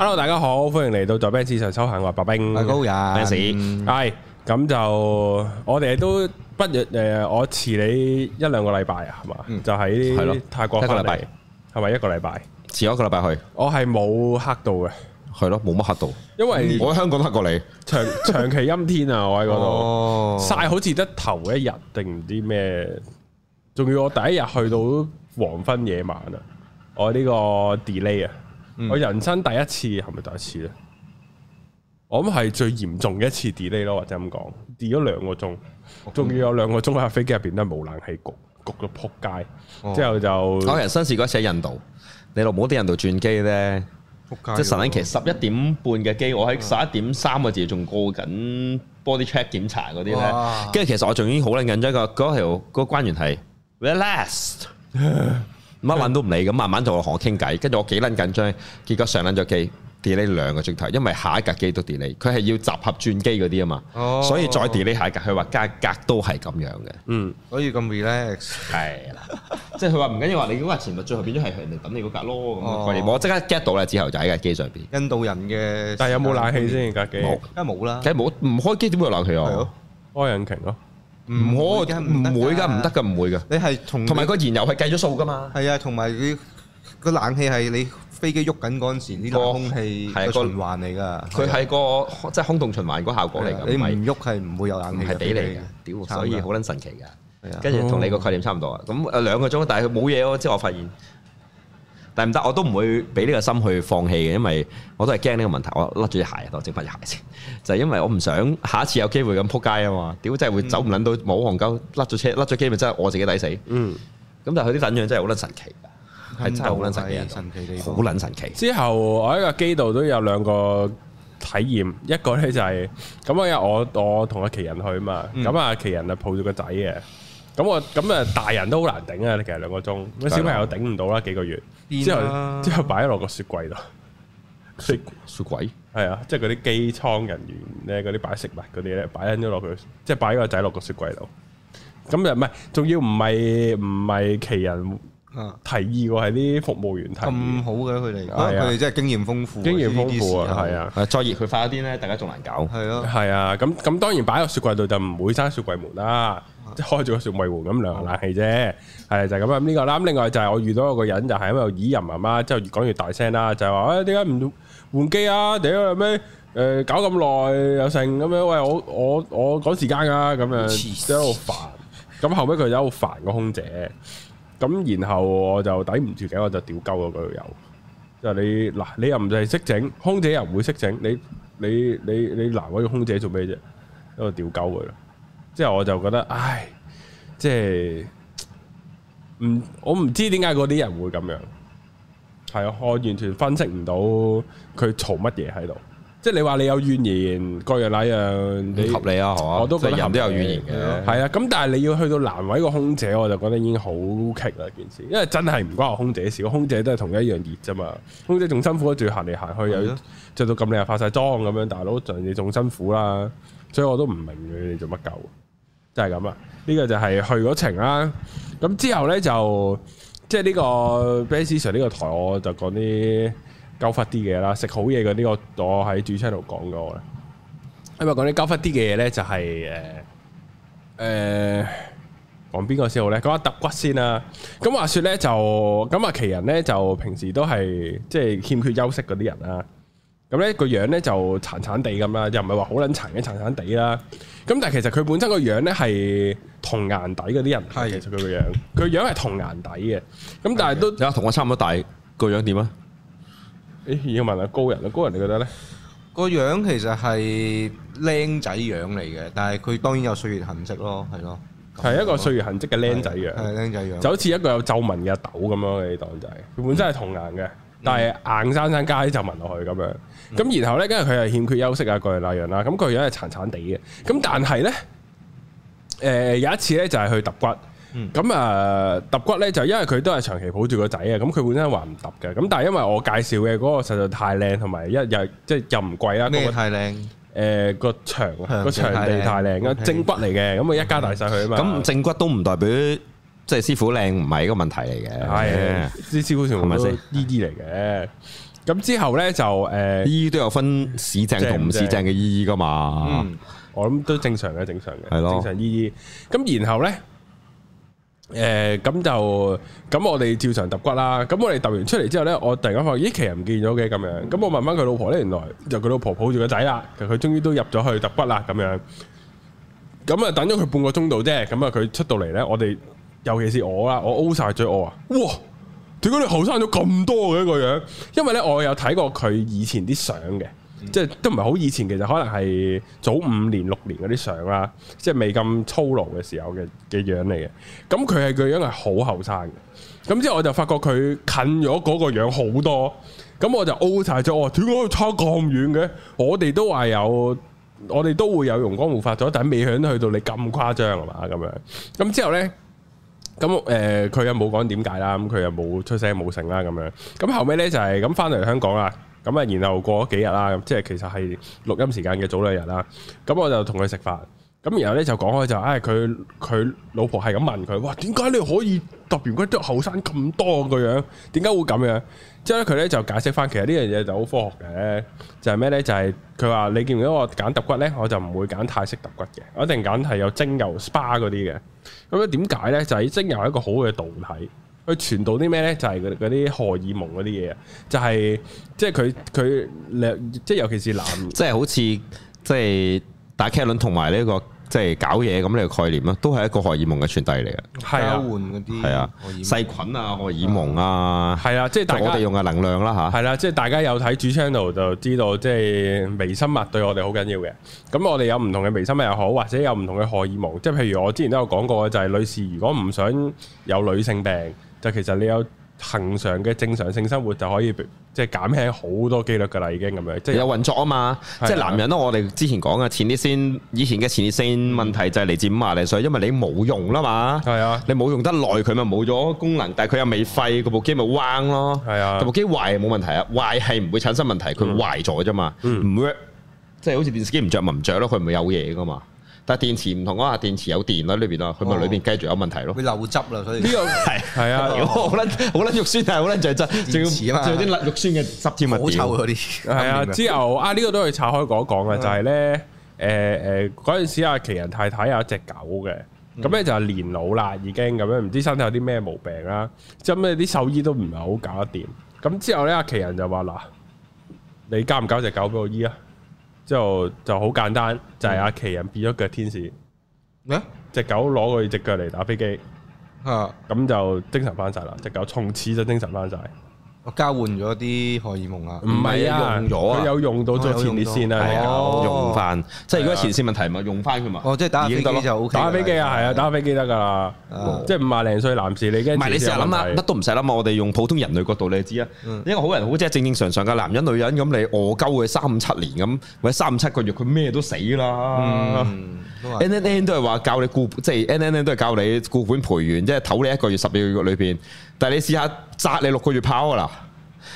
Hello，大家好，歡迎嚟到在 Benz 上修行，我係白兵，阿高人，咩事？係咁人就我哋都不如誒，我遲你一兩個禮拜啊，係嘛？嗯、就喺泰國一個禮拜，係咪一個禮拜？遲一個禮拜去，我係冇黑到嘅，係咯，冇乜黑到，因為、嗯、我喺香港黑過你，長長期陰天啊， 我喺嗰度曬好似得頭一日，定唔知咩？仲要我第一日去到黃昏夜晚啊，我呢個 delay 啊。嗯、我人生第一次係咪第一次咧？我諗係最嚴重嘅一次 delay 咯，或者咁講，delay 咗兩個鐘，仲要有兩個鐘喺飛機入邊都係無冷氣焗，焗到仆街。哦、之後就我人生試嗰次喺印度，你老母啲印度轉機咧，即係神神奇，十一點半嘅機，我喺十一點三個字仲過緊 body check 檢查嗰啲咧。跟住哇其實我仲已經好撚緊張，個嗰條嗰關員係 relax 乜撚都唔理咁，慢慢就同我傾偈。跟住我幾撚緊張，結果上撚咗機，delay 兩個鐘頭，因為下一格機都 delay。佢係要集合轉機嗰啲啊嘛，所以再 delay 下一格。佢話加格都係咁樣嘅。嗯，所以咁 relax 係，即係佢話唔緊要話你嗰格前咪最後變咗係人哋等你嗰格咯咁嘅概念。我即刻 get 到啦，之後就喺架機上邊印度人嘅，但係有冇冷氣先？架機梗係冇啦，梗係冇，唔開機點會有冷氣啊？開引擎咯。唔可，唔會㗎，唔得㗎，唔會㗎。你係同埋個燃油係計咗數㗎嘛？係啊，同埋啲個冷氣係你飛機喐緊嗰陣時，呢個空氣循環嚟㗎。佢係個即係空洞循環嗰效果嚟㗎。你唔喐係唔會有冷氣。係俾你㗎，所以好撚神奇㗎。跟住同你個概念差唔多啊。咁誒兩個鐘，但係佢冇嘢囉。之後我發現。但唔得，我都唔會俾呢個心去放棄嘅，因為我都係驚呢個問題。我甩咗隻鞋，我整翻隻鞋先。就係、是、因為我唔想下一次有機會咁扑街啊嘛！屌、嗯、真係會走唔捻到冇行鳩，甩咗車，甩咗機咪真係我自己抵死。嗯。咁但係佢啲等量真係好捻神奇噶，係真係好捻神奇，好捻、嗯、神奇。之後我喺個機度都有兩個體驗，一個咧就係咁啊，我我同阿奇人去嘛，咁啊奇人啊抱住個仔嘅。咁我咁啊，大人都好難頂啊！其實兩個鐘，咁小朋友頂唔到啦，幾個月之後、啊、之後擺喺落個雪櫃度，雪雪櫃係啊，即係嗰啲機艙人員咧，嗰啲擺食物嗰啲咧，擺緊咗落去，即係擺個仔落個雪櫃度。咁啊，唔、嗯、係，仲要唔係唔係奇人提議個，係啲、啊、服務員提議。咁好嘅佢哋，啊，佢哋真係經驗豐富，經驗豐富啊，係啊，再熱佢快一啲咧，大家仲難搞。係咯，係啊，咁咁、啊、當然擺喺雪櫃度就唔會閂雪櫃門啦。即係開咗個雪櫃換咁涼下冷氣啫，係就咁啊！呢個啦，咁另外就係我遇到一個人，就係因為耳人媽媽，之後越講越大聲啦，就係話誒，點解唔換機啊？屌咩？誒，搞咁耐又成咁樣，喂，我我我趕時間噶咁樣，即係好煩。咁後尾佢就好煩個空姐，咁然後我就抵唔住頸，我就屌鳩佢嗰度有。即係你嗱，你又唔係識整，空姐又唔會識整，你你你你難為個空姐做咩啫？喺度屌鳩佢。之後我就覺得，唉，即係唔我唔知點解嗰啲人會咁樣，係啊，我完全分析唔到佢嘈乜嘢喺度。即係你話你有怨言，各樣那樣，樣，你合理啊，你啊我都覺得人都有怨言嘅。係啊，咁但係你要去到難為個空姐，我就覺得已經好棘啦件事，因為真係唔關我空姐事，個空姐都係同一樣熱啫嘛。空姐仲辛苦，仲要行嚟行去，又要著到咁靚又化晒妝咁樣，大佬做嘢仲辛苦啦。所以我都唔明佢哋做乜救。就係咁啦，呢、這個就係去嗰程啦。咁之後呢，就即係呢、這個《Base Station》呢個台，我就講啲高忽啲嘅嘢啦。食好嘢嘅呢，我我喺主持度講過嘅。因為講啲高忽啲嘅嘢呢，就係誒誒講邊個先好呢？講下揼骨先啦。咁話説呢，就咁啊，奇人呢，就平時都係即係欠缺休息嗰啲人啦。咁咧個樣咧就殘殘地咁啦，又唔係話好撚殘嘅，殘殘地啦。咁但係其實佢本身個樣咧係童顏底嗰啲人，係是的 其實佢個樣，佢樣係童顏底嘅。咁但係都，啊，同我差唔多大，那個樣點啊？誒、欸，要問下高人啦，高人你覺得咧？個樣其實係靚仔樣嚟嘅，但係佢當然有歲月痕迹咯，係咯，係一個歲月痕迹嘅靚仔樣，係靚仔樣，就好似一個有皺紋嘅豆咁樣嘅檔仔。佢、就是、本身係童顏嘅。嗯但係硬生生加啲就聞落去咁樣，咁、嗯、然後咧，跟住佢又欠缺休息啊，各樣嗱樣啦，咁佢而家係殘殘地嘅。咁但係咧，誒、呃、有一次咧就係去揼骨，咁啊揼骨咧就因為佢都係長期抱住個仔啊，咁佢本身話唔揼嘅，咁但係因為我介紹嘅嗰個實在太靚，同埋一日即係又唔貴啦，咩、那個、太靚？誒個、呃、場個場地太靚，咁正骨嚟嘅，咁 okay, 一家大細去啊嘛，咁、okay, 正骨都唔代表。即係師傅靚唔係一個問題嚟嘅，啲是師傅全部都依啲嚟嘅。咁之後咧就誒，醫都有分市正同唔市正嘅醫醫噶嘛。嗯，我諗都正常嘅，正常嘅係對咯，正常醫醫。咁對咯 然後咧，誒、呃，咁就咁我哋照常揼骨啦。咁我哋揼完出嚟之後咧，我突然間發覺咦，奇又唔見咗嘅咁樣。咁我問翻佢老婆咧，原來就佢老婆抱住個仔啦。其實佢終於都入咗去揼骨啦，咁樣。咁啊，等咗佢半個鐘度啫。咁啊，佢出到嚟咧，我哋。尤其是我啦，我 O 晒嘴我啊！哇，點解你後生咗咁多嘅一個樣？因為咧，我有睇過佢以前啲相嘅，嗯、即係都唔係好以前，其實可能係早五年、六年嗰啲相啦，即係未咁操勞嘅時候嘅嘅樣嚟嘅。咁佢係個樣係好後生嘅。咁之後我就發覺佢近咗嗰個樣好多。咁我就 O 晒咗，我點解差咁遠嘅？我哋都話有，我哋都會有容光煥發咗，但係未響去到你咁誇張啊嘛，咁樣。咁之後咧。咁誒，佢又冇講點解啦，咁佢又冇出聲冇成啦咁樣。咁後尾咧就係咁翻嚟香港啦，咁，啊然後過咗幾日啦，即係其實係錄音時間嘅早兩日啦。咁我就同佢食飯。咁然後咧就講開就唉佢佢老婆係咁問佢哇點解你可以揼完骨後生咁多個樣？點解會咁樣？之後咧佢咧就解釋翻，其實呢樣嘢就好科學嘅，就係咩咧？就係佢話你見唔見到我揀揼骨咧？我就唔會揀泰式揼骨嘅，我一定揀係有精油 SPA 嗰啲嘅。咁樣點解咧？就係、是、精油係一個好嘅導體，佢傳導啲咩咧？就係嗰啲荷爾蒙嗰啲嘢，就係即係佢佢即係尤其是男，即係好似即係。就是打劇論同埋呢個即係搞嘢咁呢個概念咯，都係一個荷爾蒙嘅傳遞嚟嘅。係啊，係啊，細菌啊，荷爾蒙啊，係啊，即係我哋用嘅能量啦啊嚇。係啦啊，即係大家有睇主 channel 就知道，即係微生物對我哋好緊要嘅。咁我哋有唔同嘅微生物又好，或者有唔同嘅荷爾蒙，即係譬如我之前都有講過嘅，就係女士如果唔想有女性病，就其實你有。平常嘅正常性生活就可以即係減輕好多機率噶啦，已經咁樣，即係有，有運作啊嘛。是啊，即係男人咯，我哋之前講嘅前列腺以前嘅前列腺問題就係嚟自五廿零歲，因為你冇用啦嘛。係是啊，你冇用得耐，佢咪冇咗功能，但係佢又未廢，嗰部機咪彎咯。係是啊，部機壞冇問題啊，壞係唔會產生問題，佢壞咗啫嘛。唔 w 即係好似電視機唔着，咪唔着咯，佢唔係有嘢噶嘛。但係電池唔同啊，電池有電喺裏邊啊，佢咪裏邊繼續有問題咯。佢、哦、漏汁啦，所以呢、呢個係係啊，好撚好撚肉酸啊，好撚就汁。電池啊嘛，仲有啲甩肉酸嘅汁添啊，好臭嗰啲。係啊，之後啊，呢個都可以拆開講講啊，嗯、就係、係、咧，誒誒嗰陣時啊，阿奇人太太有一隻狗嘅，咁咧、嗯、就係年老啦，已經咁樣，唔知身體有啲咩毛病啦，之後咩啲獸醫都唔係好搞得掂，咁之後咧，阿、啊、奇人就話嗱、啊，你交唔交隻狗俾我醫啊？之後就好簡單，就係、是、阿奇人變咗腳天使咩？隻麼狗攞佢隻腳嚟打飛機，啊！咁就精神返晒啦，隻狗從此就精神返晒。交換咗啲荷爾蒙啊？唔係啊，用咗佢有用到咗前列腺啊，用翻，即係如果前列腺問題咪，用翻佢嘛。哦，即係打飛機就打下飛、OK、打飛啊，係、哎、呀啊，打下飛機得噶啦。哎、呀即係五廿零歲男士你跟唔係？你成日諗下乜都唔使諗啊！我哋用普通人類角度你知啊，一個好人好即係正正常常嘅男人女人咁，你餓鳩佢三五七年咁，或者三五七個月佢咩都死啦。嗯 N N N 都係話教你固，即係 N N N 都係教你固本培元，即係唞你一個月十二個月裏邊。但係你試下揸你六個月拋啦，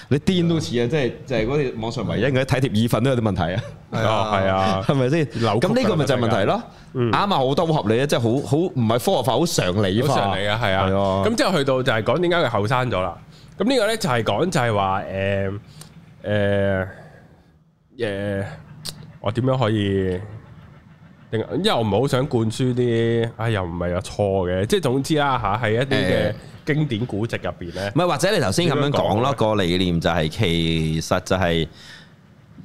你癲到似啊！即係即係嗰啲網上唯一嘅睇貼意粉都有啲問題啊！哦，係啊，係咪先？咁呢個咪就係問題咯。啱啊，好多好合理啊，即係好好唔係科學化，好常理化。常理啊，係啊。咁之後去到就係講點解佢後生咗啦？咁呢個咧就係講就係話誒誒誒，我點樣可以？因為我唔係好想灌輸啲、哎，啊又唔係又錯嘅，即係總之啦嚇，喺一啲嘅經典古籍入邊咧，唔係、欸、或者你頭先咁樣講啦個理念就係、是、其實就係、是。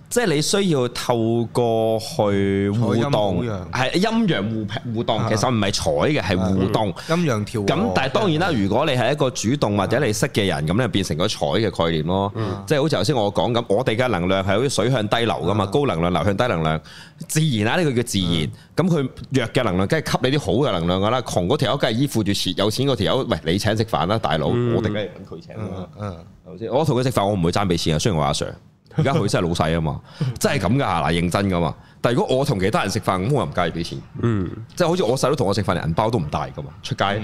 即係你需要透過去互動，係陰陽互互動，其實唔係彩嘅，係互動。陰陽調咁，但係當然啦。如果你係一個主動或者你識嘅人，咁咧變成個彩嘅概念咯。即係好似頭先我講咁，我哋嘅能量係好似水向低流噶嘛，高能量流向低能量，自然啦呢個叫自然。咁佢弱嘅能量梗係吸你啲好嘅能量噶啦，窮嗰條友梗係依附住錢，有錢嗰條友，喂你請食飯啦，大佬，我哋梗係搵佢請啦。頭先我同佢食飯，我唔會爭俾錢啊，雖然我阿 Sir。而家佢真係老細啊嘛，真係咁噶嗱，認真噶嘛。但係如果我同其他人食飯，咁我又唔介意俾錢。嗯，弟弟，即係好似我細佬同我食飯，連銀包都唔帶噶嘛，出街佢、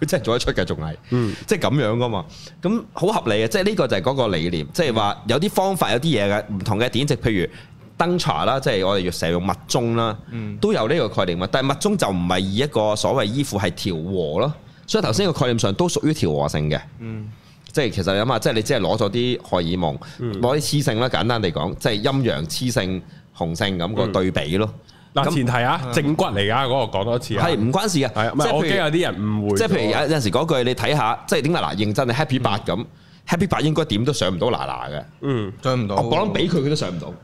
嗯、 真係做得出嘅，仲係。嗯，即係咁樣噶嘛。咁好合理嘅，即係呢個就係嗰個理念，嗯、即係話有啲方法有啲嘢嘅唔同嘅典籍，譬如燈查啦，即係我哋成日用物鐘啦，都有呢個概念嘛。但係物鐘就唔係以一個所謂依附係調和咯，所以頭先個概念上都屬於調和性嘅。嗯。即係其實諗下，即係你只係攞咗啲荷爾蒙，攞啲雌性啦，簡單地講，即係陰陽雌性、雄性咁個對比咯。嗱、嗯，那前提啊，嗯、正骨嚟噶，嗰個講多次，係唔關事啊。即係如我驚有啲人誤會。即係譬如有有陣時講句，你睇下，即係點解嗱，認真你 Happy 八咁。嗯 Happy 爸應該點都上唔到嗱嗱嘅，嗯，上唔到。我講俾佢，佢都上唔到。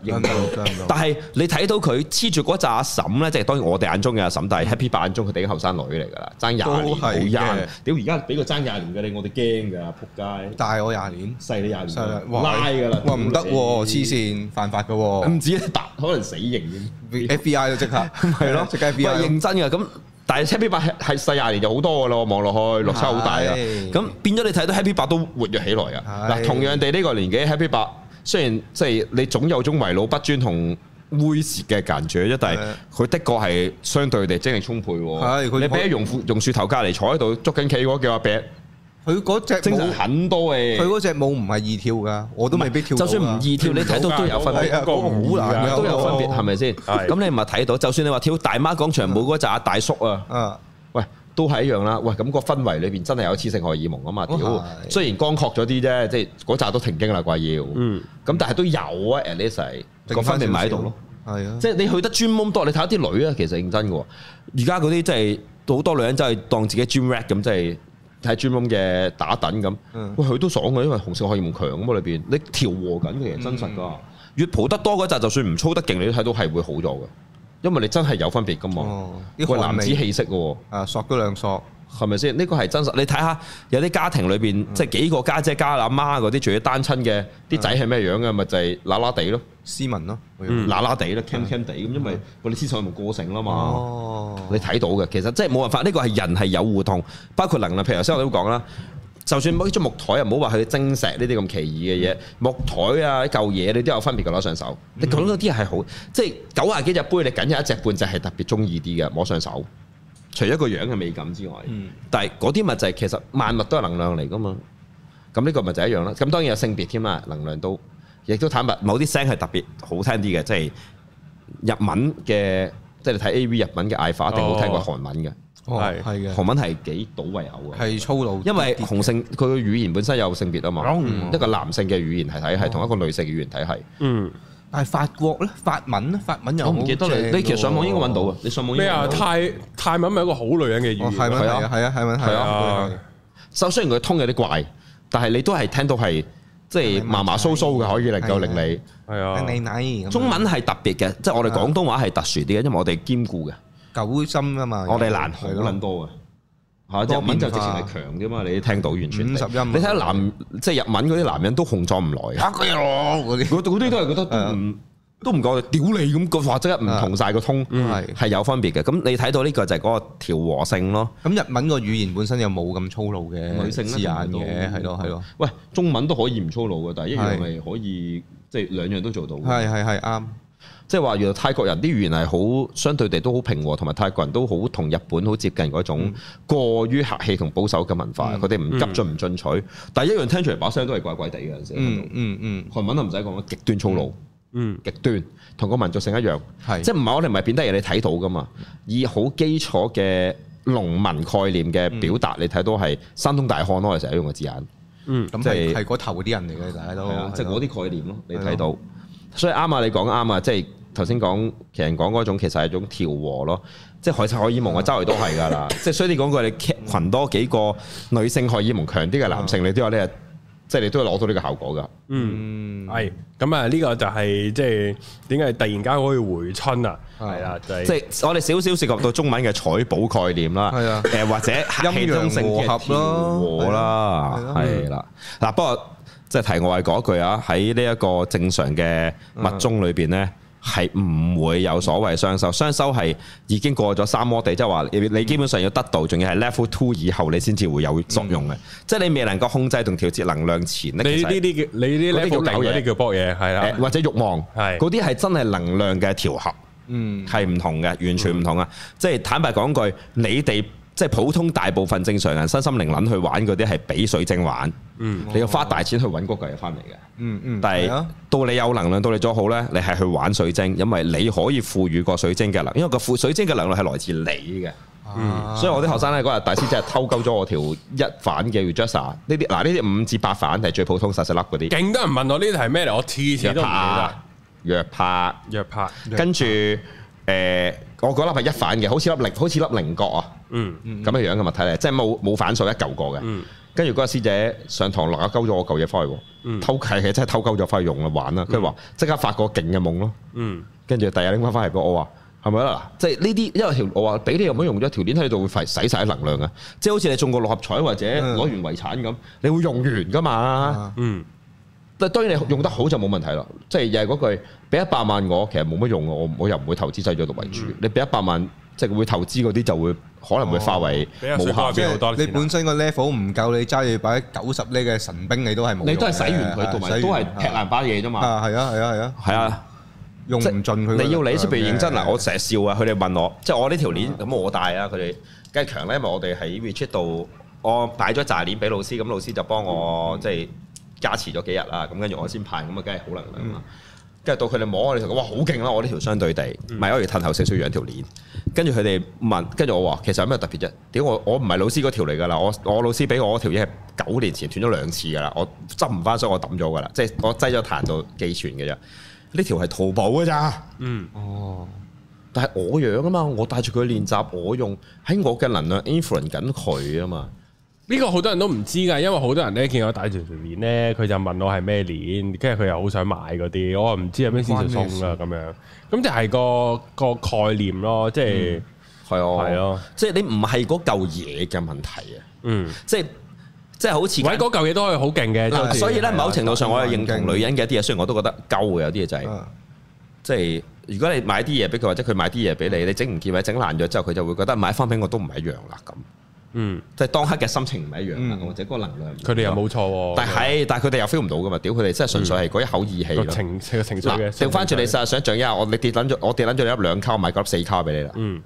但係你睇到佢黐住嗰扎阿嬸咧，即係當然我哋眼中嘅阿嬸，但係 Happy 爸眼中佢哋啲後生女嚟噶啦，爭廿年嘅。都係，屌而家俾佢爭廿年嘅你，我哋驚㗎，仆街！大我廿年，細你廿年，拉㗎啦，哇唔得，黐線，犯法嘅，唔止一笪，可能死刑添。FBI 都即刻，係咯，即係 FBI，認真㗎，咁。但係 Happy 爸係細廿年就好多嘅咯，望落去落差好大啊！咁是的 變咗你睇到 Happy 爸都活躍起來啊！嗱，是的 同樣地呢個年紀 Happy 爸雖然即係你總有種為老不尊同猥褻嘅感覺，一但係佢的確係相對地精力充沛喎。你俾喺榕樹榕樹頭隔離坐喺度捉緊棋嗰個叫阿伯。佢嗰隻精神很多嘅，佢嗰隻舞唔係易跳噶，我都未必跳。就算唔易跳，你睇到都有分別，好難都有分別，係咪先？咁你唔係睇到？就算你話跳大媽廣場舞嗰紮大叔啊，喂，都係一樣啦。喂，咁個氛圍裏邊真係有雌性荷爾蒙啊嘛，屌！雖然乾涸咗啲啫，即係嗰紮都停經啦，怪要。嗯，咁但係都有啊，Alice 個分泌咪喺度咯，係啊。即係你去得專門多，你睇下啲女啊，其實認真㗎。而家嗰啲真係好多女人真係當自己專 red 咁，真係。睇專門嘅打等咁，佢、嗯、都爽嘅，因為紅色可以咁強咁啊裏邊，你調和緊其實真實㗎，嗯、越抱得多嗰陣，就算唔操得勁，你都睇到係會好咗嘅，因為你真係有分別㗎嘛，呢個、哦、男子氣息喎，啊索嗰兩索。係咪先？呢、呢個係真實。你睇下，有啲家庭裏邊，嗯、即係幾個家姐、姐加阿媽嗰啲，除咗單親嘅，啲仔係咩樣嘅？咪就係乸乸地咯，斯文咯、啊，乸乸地咯 c a c a 地咁。因為我哋思想冇個性啦嘛。哦、你睇到嘅其實即係冇辦法。呢、呢個係人係有互通，包括能力。譬如頭先我都講啦，就算每張木台，又唔好話佢晶石呢啲咁奇異嘅嘢，嗯、木台啊，一舊嘢你都有分別嘅攞上手。你講、嗯嗯、到啲係好，即係九廿幾隻杯，你梗有一隻半隻係特別中意啲嘅摸上手。除一個樣嘅美感之外，嗯、但係嗰啲咪就係其實萬物都係能量嚟噶嘛，咁呢個咪就一樣啦。咁當然有性別添啊，能量都亦都坦白，某啲聲係特別好聽啲嘅，即係日文嘅，即係你睇 A.V. 日文嘅嗌法一定好聽過韓文嘅，係係、哦、韓文係幾倒胃口嘅，係粗魯點點，因為雄性佢嘅語言本身有性別啊嘛，嗯嗯、一個男性嘅語言體系，係同一個女性嘅語言體系，係，嗯。但係法國咧，法文咧，法文又我唔記得你，你其實上網應該揾到嘅。你上網咩啊泰，泰文咪一個好女人嘅語言咩？係啊係啊係文係啊。雖雖然佢通有啲怪，但係你都係聽到係即係麻麻酥酥嘅，可以能夠令你係啊。你你中文係特別嘅，即係我哋廣東話係特殊啲嘅，因為我哋兼顧嘅，九心啊嘛。我哋難好撚多嘅。吓，日文就直情係強啫嘛，你聽到完全五十音，你睇下男，即係日文嗰啲男人都控咗唔耐啊，嗰啲嗰嗰啲都係覺得都唔夠屌，你咁，佢話即係唔同晒個通，係，嗯，有分別嘅。咁你睇到呢個就係嗰個調和性咯。咁日文個語言本身又冇咁粗魯嘅，女性字眼嘅，係咯係咯。喂，中文都可以唔粗魯嘅，但係一樣係可以即係兩樣都做到。係係係啱。即係話原來泰國人啲語言係好相對地都好平和，同埋泰國人都好同日本好接近嗰種過於客氣同保守嘅文化。佢哋唔急進唔進取，但係一樣聽出嚟把聲都係怪怪地嘅陣時。嗯嗯嗯，韓文都唔使講啦，極端粗魯。嗯，極端同個民族性一樣，即係唔係我哋唔係貶低人，你睇到噶嘛？以好基礎嘅農民概念嘅表達，你睇到係山東大漢咯，我哋成日用個字眼。咁係係嗰頭嗰啲人嚟嘅，成日即係嗰啲概念咯，你睇到，所以啱啊，你講啱啊，即係。頭先講，其實講嗰種其實係一種調和咯，即係海蔘荷爾蒙嘅周圍都係㗎啦。即係所以你講過，你群多幾個女性荷爾蒙強啲嘅男性，你都有呢啊，即係你都攞到呢個效果㗎。嗯，係。咁啊，呢個就係即係點解突然間可以回春啊？係啊，就係。即係我哋少少涉及到中文嘅採補概念啦。係啊。誒，或者陰陽和合咯，和啦。係啦。嗱，不過即係題外係句啊，喺呢一個正常嘅物種裏邊咧，係唔會有所謂雙修。雙修係已經過咗三摩地，即係話你基本上要得到，仲要係 level two 以後，你先至會有作用嘅。嗯、即係你未能夠控制同調節能量前，嗯、其實你呢啲叫你呢啲叫搞嘢，叫搏嘢，係啦，或者欲望，係嗰啲係真係能量嘅調合，嗯，係唔同嘅，完全唔同啊！嗯、即係坦白講句，你哋。即係普通大部分正常人身心靈攣去玩嗰啲係畀水晶玩、嗯，你要花大錢去揾嗰嚿嘢翻嚟嘅。嗯嗯，但係到你有能量，到你做好呢。你係去玩水晶，因為你可以賦予個水晶嘅啦。因為個賦水晶嘅能量係來自你嘅。啊、所以我啲學生呢，嗰日大師真係偷鳩咗我條一反嘅 Rudraksha 呢啲，嗱呢啲五至八反係最普通細細粒嗰啲。勁多人問我呢啲係咩嚟，我次次都唔記得。約拍，約拍，跟住誒。我嗰粒係一反嘅，好似粒靈，好似粒菱角啊，嗯，嗯，咁樣樣嘅物體咧，即係冇冇反數一舊過嘅，嗯，跟住嗰個師姐上堂落咗溝咗我舊嘢翻，嗯，偷係其實真係偷鳩咗翻去用啦玩啦，佢話即刻發個勁嘅夢咯，嗯，跟住第日拎翻翻嚟俾我話，係咪啊？即係呢啲因為條我話俾你唔好用咗條鏈喺度會費使晒能量啊。即係好似你中個六合彩或者攞完遺產咁，你會用完噶嘛，嗯。嗯當然你用得好就冇問題咯，即係又係嗰句，俾一百萬我其實冇乜用啊，我我又唔會投資製作度為主。嗯、你俾一百萬，即、就、係、是、會投資嗰啲就會可能會化為無效。哦、多多你本身個 level 唔夠，你揸住擺九十呢 e 嘅神兵，你都係冇用。你都係洗完佢，同埋都係劈爛把嘢啫嘛。啊，係啊，係啊，係啊，係啊，啊用唔盡佢。你要你即係認真啊！我成日笑啊，佢哋問我，即、就、係、是、我呢條鏈咁，我帶啊？佢哋梗係強咧，因為我哋喺 WeChat 度，我擺咗扎鏈俾老師，咁老師就幫我即係。嗯，就是加持咗幾日啦，咁跟住我先派，咁啊，梗係好能量啦。跟住、嗯、到佢哋摸我條，哇，好勁啦！我呢條相對地，唔咪可以褪後少少養條鏈。跟住佢哋問，跟住我話，其實有咩特別啫？點我我唔係老師嗰條嚟噶啦，我我老師俾我嗰條嘢係九年前斷咗兩次噶啦，我執唔翻，所以我抌咗噶啦，即係我擠咗壇度寄存嘅啫。呢條係淘寶㗎咋？嗯，哦，但係我養啊嘛，我帶住佢練習，我用喺我嘅能量 influence 緊佢啊嘛。呢個好多人都唔知噶，因為好多人咧，見我戴條條鏈咧，佢就問我係咩鏈，跟住佢又好想買嗰啲，我唔知係咩先就送啦，咁樣。咁就係個個概念咯，即係係啊係啊，即係你唔係嗰嚿嘢嘅問題啊。嗯，即係即係好似，喂，嗰嚿嘢都可以好勁嘅。所以咧，某程度上我係認同女人嘅一啲嘢，雖然我都覺得鳩嘅有啲嘢就係，即係如果你買啲嘢俾佢，或者佢買啲嘢俾你，你整唔見或者整爛咗之後，佢就會覺得買翻俾我都唔係一樣啦，咁。嗯，即係當刻嘅心情唔係一樣或者嗰個能量唔一樣，佢哋又冇錯喎。但係，但係佢哋又 feel 唔到噶嘛？屌，佢哋真係純粹係嗰一口意氣咯。情，個情緒嘅。翻轉你實實像一樣，我你跌撚咗，我哋撚咗你一兩卡，買嗰粒四卡俾你啦。嗯，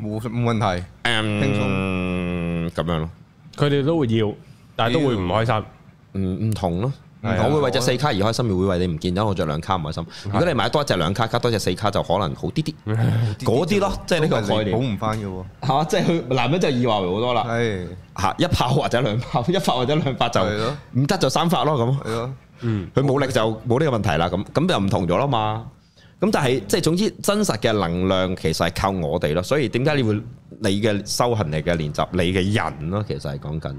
冇冇問題。嗯，聽從，咁樣咯。佢哋都會要，但係都會唔開心，唔唔同咯。我會為隻四卡而開心，而會為你唔見咗我着兩卡唔開心。的如果你買多隻兩卡，加多隻四卡，就可能好啲啲，嗰啲、嗯、咯，即係呢個概念保唔翻嘅喎，係嘛、啊？即係佢男人就以話為好多啦，係嚇的一炮或者兩炮，一發或者兩發就唔得的就三發咯咁。係咯的，佢冇、嗯、力就冇呢個問題啦。咁咁就唔同咗啦嘛。咁但係即係總之真實嘅能量其實係靠我哋咯。所以點解你會你嘅修行、你嘅練習、你嘅人咯，其實係講緊。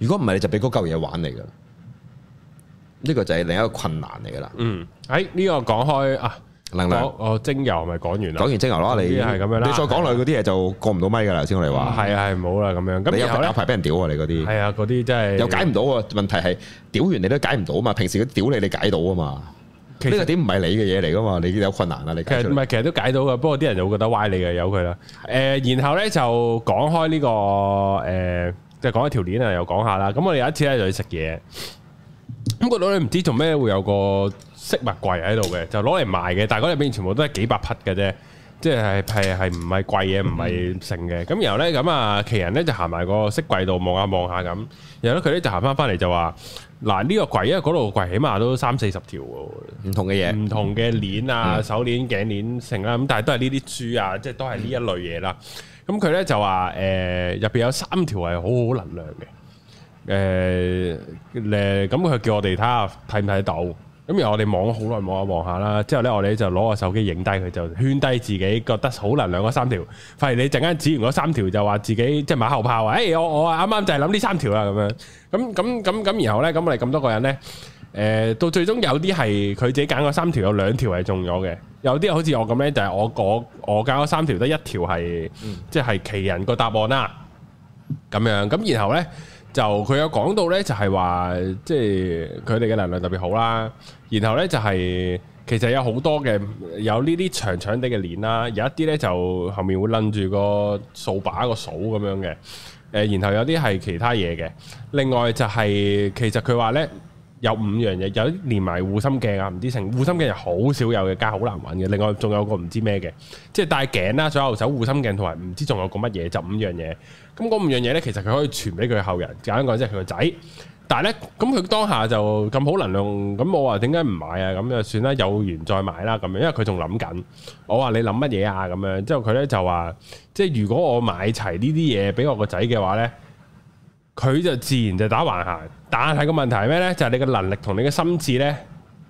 如果唔係，你就俾嗰嚿嘢玩嚟嘅。呢個就係另一個困難嚟噶啦。嗯，喺呢個講開啊，能量精油咪講完啦，講完精油啦，你係咁樣啦，你再講落去嗰啲嘢就過唔到咪噶啦。先我哋話，係係冇啦咁樣。你有排有排俾人屌啊？你嗰啲係啊，嗰啲真係又解唔到啊。問題係屌完你都解唔到啊嘛。平時佢屌你你解到啊嘛。呢個點唔係你嘅嘢嚟噶嘛？你有困難啦。其實唔係，其實都解到噶。不過啲人就會覺得歪你嘅，由佢啦。誒，然後咧就講開呢個誒，即係講一條鏈啊，又講下啦。咁我哋有一次咧就去食嘢。嗰度你唔知做咩會有個飾物櫃喺度嘅，就攞嚟賣嘅。但係嗰入邊全部都係幾百匹嘅啫，即係係係唔係貴嘢，唔係剩嘅。咁、嗯、哼然後咧，咁啊，奇人咧就行埋個飾櫃度望下望下咁。然後咧，佢咧就行翻翻嚟就話：嗱，呢、呢個櫃啊，因為嗰度櫃起碼都三四十條喎，唔同嘅嘢，唔同嘅鏈啊、手鏈、頸鏈剩啦。咁但係都係呢啲珠啊，即、就、係、係、都係呢一類嘢啦。咁佢咧就話：誒、呃，入邊有三條係好好能量嘅。誒，咁佢、呃、叫我哋睇下睇唔睇到，咁然後我哋望好耐，望下望下啦，之後呢，我哋就攞個手機影低佢，就圈低自己覺得好能量嗰三條，反而你陣間指完嗰三條就話自己即係馬後炮，誒、欸，我我啱啱就係諗呢三條啦，咁樣，咁咁咁咁，然後呢，咁我哋咁多個人呢，誒、呃，到最終有啲係佢自己揀嗰三條有兩條係中咗嘅，有啲好似我咁樣就係、是、我我揀嗰三條得一條係，即係奇人個答案啦、啊，咁樣，咁然後呢。就佢有講到呢，就係話，即係佢哋嘅能量特別好啦。然後呢，就係其實有好多嘅有呢啲長長啲嘅鏈啦，有一啲呢，就後面會攬住個掃把個掃咁樣嘅，呃。然後有啲係其他嘢嘅。另外就係其實佢話呢，有五樣嘢，有連埋護心鏡啊，唔知成護心鏡又好少有嘅，加好難揾嘅。另外仲有個唔知咩嘅，即係戴頸啦，左右手護心鏡同埋唔知仲有個乜嘢，就五樣嘢。咁嗰五樣嘢呢，其實佢可以傳俾佢後人，簡單講即係佢個仔。但係呢，咁佢當下就咁好能量，咁我話點解唔買啊？咁就算啦，有緣再買啦，咁樣，因為佢仲諗緊。我話你諗乜嘢啊？咁樣，之後佢呢就話，即係如果我買齊呢啲嘢俾我個仔嘅話呢，佢就自然就打橫行。但係個問題係咩呢？就係、是、你嘅能力同你嘅心智呢。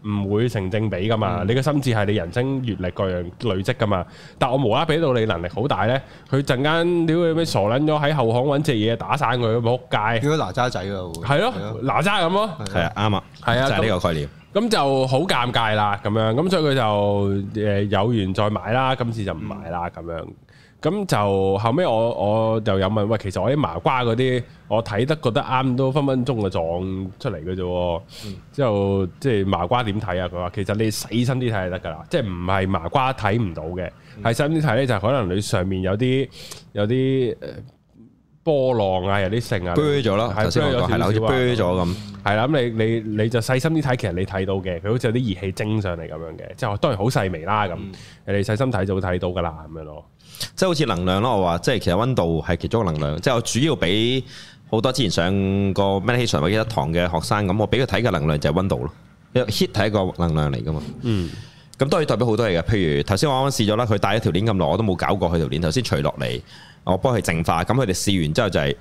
唔會成正比噶嘛。嗯、你嘅心智係你人生、閲歷各樣累積噶嘛。但我無啦啦俾到你能力好大咧，佢陣間屌有咩傻撚咗喺後巷揾隻嘢打散佢，撲街。點解哪吒仔㗎？係咯的，哪吒咁咯。係啊，啱啊。係啊，就係呢個概念。咁就好尷尬啦，咁樣，咁所以佢就誒，有緣再買啦，今次就唔買啦，咁、嗯、樣。咁就後尾我我就有問，喂，其實我啲麻瓜嗰啲，我睇得覺得啱都分分鐘嘅撞出嚟嘅啫。嗯、之後即係麻瓜點睇啊？佢話其實你細心啲睇就得㗎啦，即係唔係麻瓜睇唔到嘅，係細心啲睇咧就可能你上面有啲有啲誒。呃波浪啊，有啲成啊，鋸咗咯，係啦，好似鋸咗咁，係啦對，咁你你你就細心啲睇，其實你睇到嘅，佢好似有啲熱氣蒸上嚟咁樣嘅，即係當然好細微啦咁，嗯、你細心睇就會睇到噶啦咁樣咯，即係好似能量咯，我話即係其實溫度係其中個能量，即係我主要俾好多之前上過 meditation 嗰啲一堂嘅學生，咁我俾佢睇嘅能量就係溫度咯，因為 heat 係一個能量嚟噶嘛，嗯，咁當然代表好多嘢嘅，譬如頭先我啱啱試咗啦，佢戴一條鏈咁耐，我都冇搞過佢條鏈，頭先除落嚟。我幫佢淨化，咁佢哋試完之後就係、是、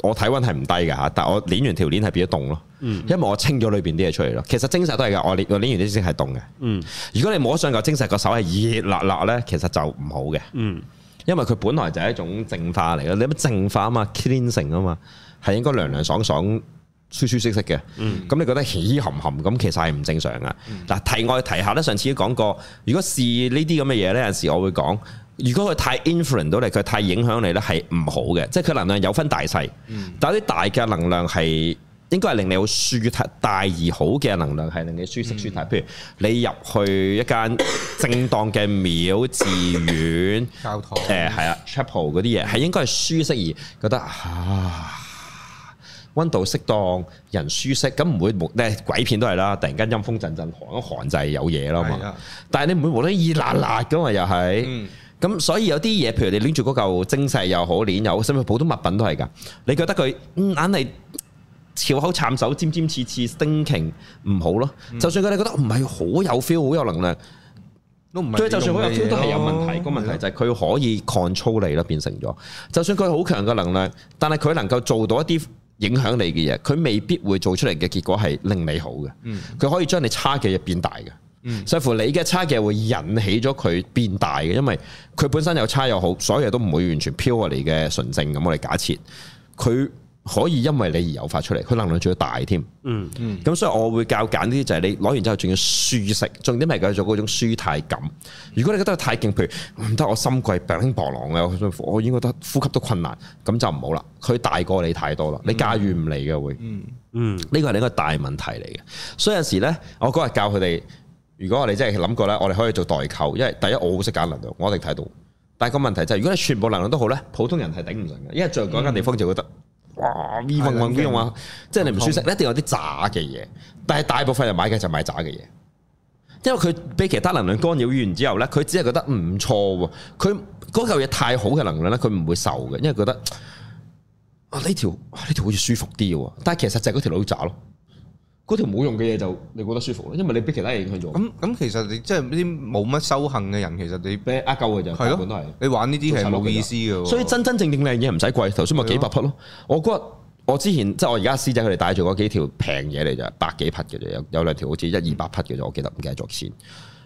我體温係唔低嘅吓，但係我捏完條鏈係變咗凍咯，嗯、因為我清咗裏邊啲嘢出嚟咯。其實晶石都係嘅，我我捏完啲先係凍嘅。嗯、如果你摸上嚿晶石個手係熱辣辣咧，其實就唔好嘅，嗯、因為佢本來就係一種淨化嚟嘅，你乜淨化啊嘛 cleaning 啊嘛，係應該涼涼爽爽、舒舒適適嘅。咁、嗯、你覺得起含含咁，其實係唔正常嘅。嗱、嗯，睇我睇下啦，上次都講過，如果試呢啲咁嘅嘢咧，有時我會講。如果佢太 influence 到你，佢太影響你咧，係唔好嘅。即係佢能量有分大細，但啲、嗯、大嘅能量係應該係令你好舒泰，大而好嘅能量係令你舒適舒泰。譬、嗯、如你入去一間正當嘅廟寺院、嗯呃、教堂，誒、啊，係啊，chapel 嗰啲嘢係應該係舒適而覺得啊，溫度適當，人舒適。咁唔會冇咧，鬼片都係啦，突然間陰風陣陣寒，一寒就係有嘢啦嘛。的但係你唔會冇得熱辣辣噶嘛，又係。咁所以有啲嘢，譬如你拎住嗰嚿精細又好，攣，又甚至普通物品都係噶。你覺得佢硬係朝口插手尖尖刺刺升擎唔好咯？嗯、就算佢哋覺得唔係好有 feel，好有能量，都唔係，對。就算好有 feel 都係有問題。個問題就係佢可以 control 你咯，變成咗。就算佢好強嘅能量，但係佢能夠做到一啲影響你嘅嘢，佢未必會做出嚟嘅結果係令你好嘅。佢可以將你差嘅嘢變大嘅。嗯，視乎你嘅差嘅會引起咗佢變大嘅，因為佢本身有差又好，所有嘢都唔會完全飄過嚟嘅純正咁。我哋假設佢可以因為你而誘發出嚟，佢能量仲要大添。嗯，咁所以我會教揀呢啲就係你攞完之後仲要舒適，重點係佢做嗰種舒泰感。如果你覺得太勁，譬如唔得，我心悸、病興、暴狼嘅，我舒服，應該都呼吸都困難，咁就唔好啦。佢大過你太多啦，你駕馭唔嚟嘅會。嗯嗯，呢個係你一個大問題嚟嘅。所以有時呢，我嗰日教佢哋。如果我哋真係諗過咧，我哋可以做代購，因為第一我好識揀能量，我一定睇到。但係個問題就係、是，如果你全部能量都好咧，普通人係頂唔順嘅，因為在嗰間地方就覺得、嗯、哇，V 運運啲嘛，用麽即係你唔舒適，痛痛一定有啲渣嘅嘢。但係大部分人買嘅就買渣嘅嘢，因為佢俾其他能量干擾完之後咧，佢只係覺得唔錯。佢嗰嚿嘢，太好嘅能量咧，佢唔會受嘅，因為覺得啊，呢條呢條好似舒服啲嘅，但係其實就係嗰條老渣咯。嗰條冇用嘅嘢就你覺得舒服咯，因為你俾其他嘢影響咗。咁咁、嗯嗯、其實你即係啲冇乜修行嘅人，其實你俾呃鳩嘅就係根本都係、哦。你玩呢啲係冇意思嘅。所以真真正正靚嘢唔使貴，頭先咪幾百匹咯。哦、我覺得我之前即係我而家師仔佢哋帶住嗰幾條平嘢嚟，就百幾匹嘅就有有，兩條好似一二百匹嘅，就我記得唔記得咗先。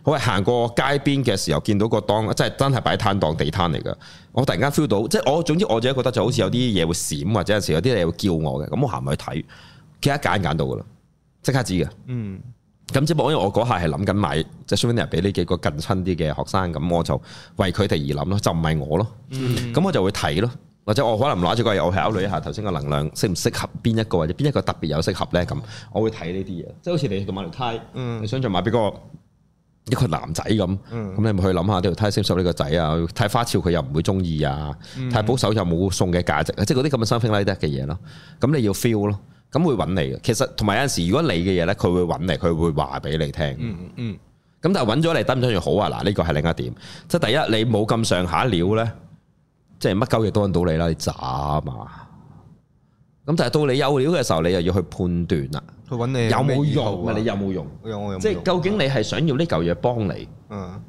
我錢好行過街邊嘅時候見到個檔，即係真係擺攤檔地攤嚟嘅，我突然間 feel 到即係我總之我自己覺得就好似有啲嘢會閃或者有時有啲嘢會叫我嘅，咁我行埋去睇，結果一揀揀到嘅啦。即刻知嘅，嗯，咁即係因為我嗰下係諗緊買，即係 something like 俾呢幾個近親啲嘅學生，咁我就為佢哋而諗咯，就唔係我咯，嗯，咁我就會睇咯，或者我可能攞住個嘢，我考慮一下頭先個能量適唔適合邊一個或者邊一個特別有適合咧，咁我會睇呢啲嘢，即係好似你買條呔，嗯，你想像買俾個一個男仔咁，嗯，咁你咪去諗下呢條呔適合呢個仔啊，太花俏佢又唔會中意啊，太保守又冇送嘅價值，即係嗰啲咁嘅 something like 嘅嘢咯，咁你要 feel 咯。咁會揾你嘅，其實同埋有陣時，如果你嘅嘢呢，佢會揾你，佢會話俾你聽，嗯。嗯，咁但係揾咗你得唔得又好啊？嗱，呢個係另一點。即係第一，你冇咁上下料呢，即係乜鳩嘢都揾到你啦，你渣嘛。咁但係到你有料嘅時候，你又要去判斷啦。去揾你、啊、有冇用？你有冇用？有有有用即係究竟你係想要呢嚿嘢幫你，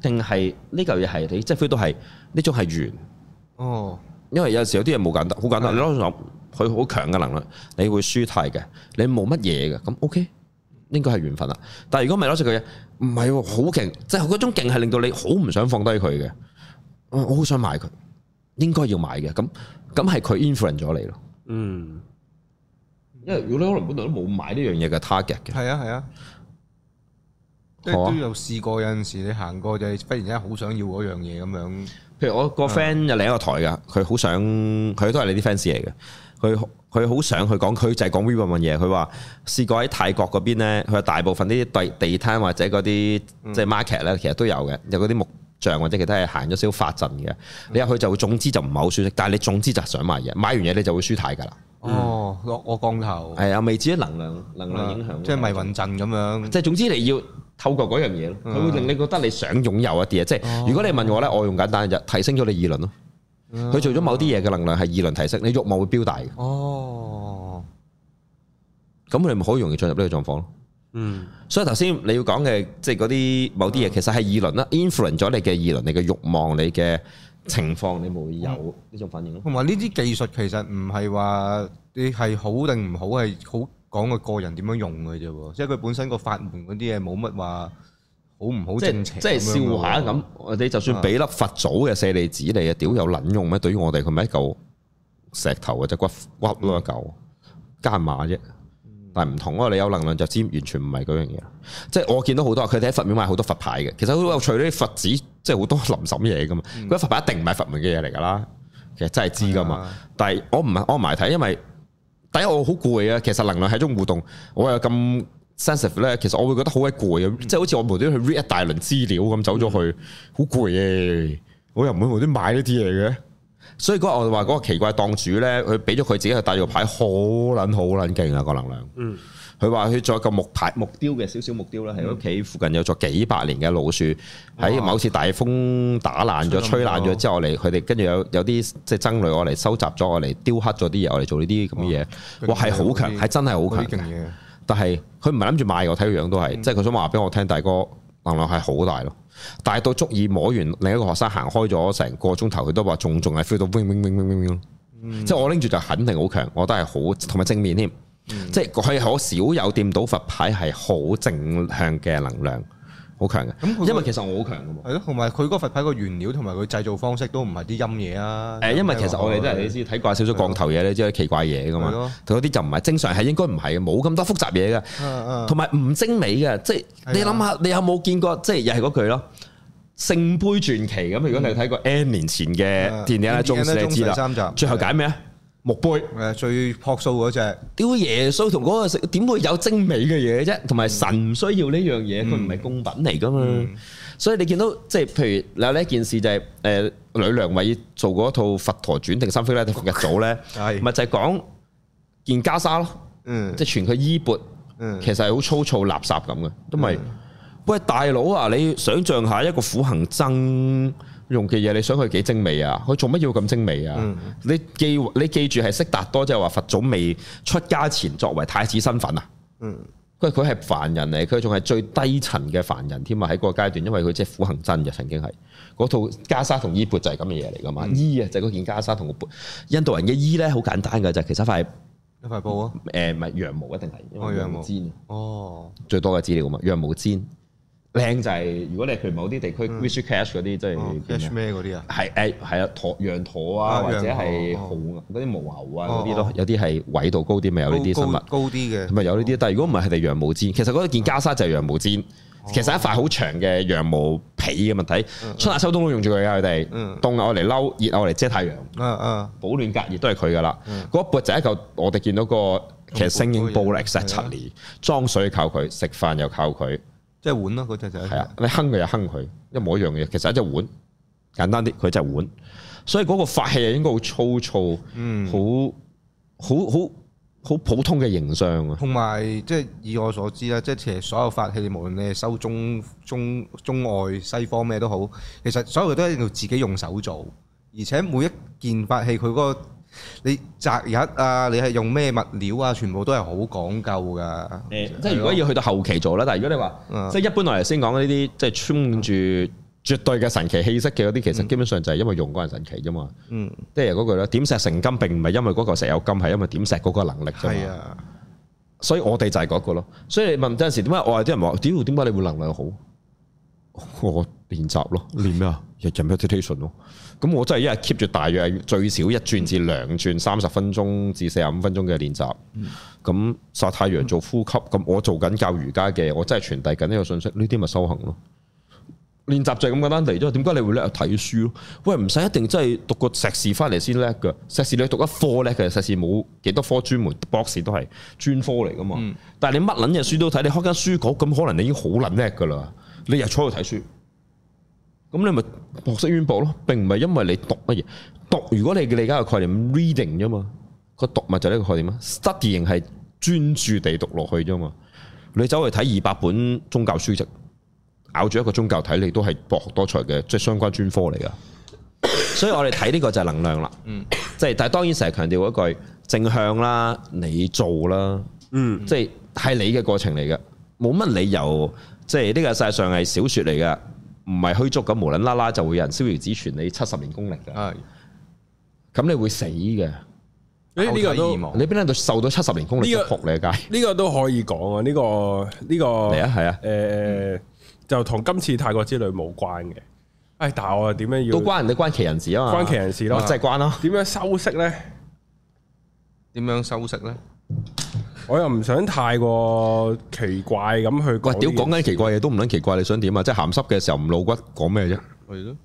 定係呢嚿嘢係你？即係都係呢種係完。就是、哦。因為有時有啲嘢冇簡單，好簡單。你佢好強嘅能量，你會輸態嘅，你冇乜嘢嘅，咁 OK，應該係緣分啦。但係如果唔係攞出佢嘢，唔係好勁，即係嗰種勁係令到你好唔想放低佢嘅，我好想買佢，應該要買嘅，咁咁係佢 influence 咗你咯。嗯，因為如果你可能本來都冇買呢樣嘢嘅 target 嘅，係啊係啊，即係都有試過有陣時你行過就忽然間好想要嗰樣嘢咁樣。譬如我個 friend 有另一個台噶，佢好想，佢都係你啲 fans 嚟嘅。佢佢好想去講，佢就係講 v i v o n 嘢。佢話試過喺泰國嗰邊咧，佢話大部分啲地地攤或者嗰啲即係 market 咧，嗯、其實都有嘅，有嗰啲木像或者其他嘢行咗少少法陣嘅。嗯、你入去就會總之就唔係好舒適，但係你總之就想買嘢，買完嘢你就會舒泰㗎啦。哦，我落降頭係啊，未、嗯嗯、知能量能量影響量、啊，即係迷魂陣咁樣。即係總之你要透過嗰樣嘢咯，佢會令你覺得你想擁有一啲嘢。嗯嗯、即係如果你問我咧，我用簡單嘅啫，提升咗你二輪咯。嗯佢做咗某啲嘢嘅能量係二輪提升，你欲望會飆大嘅。哦，咁佢咪好容易進入呢個狀況咯。嗯，所以頭先你要講嘅即係嗰啲某啲嘢，其實係二輪啦，influence 咗你嘅二輪，你嘅欲望，你嘅情況，你會有呢種反應咯。同埋呢啲技術其實唔係話你係好定唔好，係好講個個人點樣用嘅啫。即係佢本身個法門嗰啲嘢冇乜話。好唔好正？正係即係笑下咁。啊、你就算俾粒佛祖嘅舍利子你，你啊，屌有撚用咩？對於我哋，佢咪一嚿石頭嘅只骨骨碌一嚿、嗯、加碼啫。但係唔同啊，你有能量就知，完全唔係嗰樣嘢。即係我見到好多佢哋喺佛廟買好多佛牌嘅，其實好有趣。啲佛子即係好多林什嘢噶嘛。嗰、嗯、佛牌一定唔係佛門嘅嘢嚟噶啦。其實真係知噶嘛。嗯、但係我唔係，我唔係睇，因為第一我好攰啊。其實能量係一種互動，我有咁。senseful 咧，S S ensitive, 其實我會覺得、嗯、好鬼攰嘅，即係好似我無端去 read 一大輪資料咁走咗去，好攰嘅。我又唔會無端買呢啲嘢嘅。所以嗰個我哋話嗰個奇怪檔主咧，佢俾咗佢自己去帶住個牌，好撚好撚勁啊個能量。嗯，佢話佢做一個木牌、嗯、木雕嘅少少木雕咧，喺屋企附近有咗幾百年嘅老樹，喺某次大風打爛咗、哇吹爛咗之後嚟，佢哋跟住有有啲即係僧侶我嚟收集咗我嚟雕刻咗啲嘢，我嚟做呢啲咁嘅嘢。哇，係好強，係真係好強。些但係佢唔係諗住，買我睇個樣都係，嗯、即係佢想話俾我聽，大哥能量係好大咯。但係到足以摸完另一個學生行開咗成個鐘頭，佢都話仲仲係 feel 到嗡、嗯、即係我拎住就肯定好強，我覺得係好同埋正面添。嗯、即係佢可少有掂到佛牌係好正向嘅能量。好強嘅，因為其實我好強噶嘛。係咯他，同埋佢嗰個佛牌個原料同埋佢製造方式都唔係啲陰嘢啊。誒，因為其實我哋都係你,的你知睇怪少少降頭嘢咧，即係奇怪嘢噶嘛。同嗰啲就唔係正常，係應該唔係，冇咁多複雜嘢噶。同埋唔精美嘅，即係的你諗下，你有冇見過？即係又係嗰句咯，《聖杯傳奇》咁。如果你睇過 N 年前嘅電影啦，嗯《中邪、嗯》啦，最後解咩啊？的木杯，誒最樸素嗰隻，屌耶穌同嗰個食，點會有精美嘅嘢啫？同埋神唔需要呢樣嘢，佢唔係供品嚟㗎嘛。所以你見到即係譬如有呢一件事就係誒，呂良偉做過一套《佛陀轉定三飛》咧，一組咧，咪就係講件袈裟咯，嗯，即係全佢衣缽，嗯，其實係好粗糙垃圾咁嘅，都係喂大佬啊！你想象下一個苦行僧。用嘅嘢你想佢幾精美啊？佢做乜要咁精美啊？嗯、你記你記住係悉達多即係話佛祖未出家前作為太子身份啊。嗯，佢佢係凡人嚟，佢仲係最低層嘅凡人添啊！喺嗰個階段，因為佢即係苦行僧嘅曾經係嗰套袈裟同衣缽就係咁嘅嘢嚟噶嘛？嗯、衣啊就係嗰件袈裟同個缽，印度人嘅衣咧好簡單㗎啫，其實一塊一塊布啊，誒唔係羊毛一定係因為羊毛氈哦，最多嘅資料啊嘛，羊毛氈。哦靚就係如果你去某啲地區，rich cash 嗰啲即係 cash 咩嗰啲啊？係誒係啊，駝羊駝啊，或者係熊嗰啲毛牛啊嗰啲咯，有啲係緯度高啲咪有呢啲生物高啲嘅，咪有呢啲。但係如果唔係，佢哋羊毛氈。其實嗰件袈裟就係羊毛氈，其實一塊好長嘅羊毛被嘅問題，春夏秋冬都用住佢㗎。佢哋凍啊，我嚟摟；熱啊，我嚟遮太陽。保暖隔熱都係佢㗎啦。嗰一撥就一嚿，我哋見到個其實聖嬰玻璃 set 七年裝水靠佢，食飯又靠佢。一碗咯，嗰隻就係。係啊，你哼佢，佢就哼。佢佢，一模一樣嘅嘢。其實一隻碗，簡單啲，佢就係碗。所以嗰個法器應該好粗糙，好好好好普通嘅形象。同埋即係以我所知啦，即係其實所有法器，無論你係收中中中外西方咩都好，其實所有嘢都一定要自己用手做，而且每一件法器佢嗰個。你擇日啊，你係用咩物料啊，全部都係好講究噶。誒，即係如果要去到後期做啦，但係如果你話，即係一般我頭先講呢啲，即係充滿住絕對嘅神奇氣息嘅嗰啲，其實基本上就係因為用嗰人神奇啫嘛。嗯，即係嗰句啦，點石成金並唔係因為嗰嚿石有金，係因為點石嗰個能力啫嘛。係啊，所以我哋就係嗰個咯。所以問陣時點解我話啲人話點，點解你會能量好？我練習咯，練咩啊？嘅咯，咁我真係一日 keep 住，大約最少一轉至兩轉，三十分鐘至四十五分鐘嘅練習。咁晒太陽做呼吸，咁我做緊教瑜伽嘅，我真係傳遞緊呢個信息，呢啲咪修行咯。練習就係咁簡單嚟咗，點解你會叻睇書咯？喂，唔使一定真係讀個碩士翻嚟先叻噶，碩士你讀一科叻嘅，其實碩士冇幾多科專門，博士都係專科嚟噶嘛。嗯、但係你乜捻嘢書都睇，你開間書局，咁可能你已經好捻叻噶啦。你日初去睇書。咁你咪學識淵博咯，並唔係因為你讀乜嘢讀。如果你嘅理解嘅概念，reading 啫嘛，個讀物就係呢個概念啊。study 型係專注地讀落去啫嘛。你走去睇二百本宗教書籍，咬住一個宗教睇，你都係博學多才嘅，即係相關專科嚟噶。所以我哋睇呢個就係能量啦。嗯，即 係，但係當然成日強調一句，正向啦，你做啦。嗯，即係係你嘅過程嚟嘅，冇乜理由，即係呢個世界上係小說嚟噶。唔係虛竹咁，無論啦啦就會有人逍遙子傳你七十年功力嘅。咁你會死嘅。誒呢個都你邊度受到七十年功力嘅僕嚟嘅？呢個都可以講、這個這個、啊！呢個呢個嚟啊，係啊、呃。誒就同今次泰國之旅冇關嘅。誒，但係我哋點樣要都關人哋關其人事啊嘛？關其人事咯、啊，即係關咯。點的樣修飾咧？點樣修飾咧？我又唔想太過奇怪咁去講。喂，屌，講緊奇怪嘢都唔撚奇怪，你想點啊？即係鹹濕嘅時候唔露骨，講咩啫？係咯，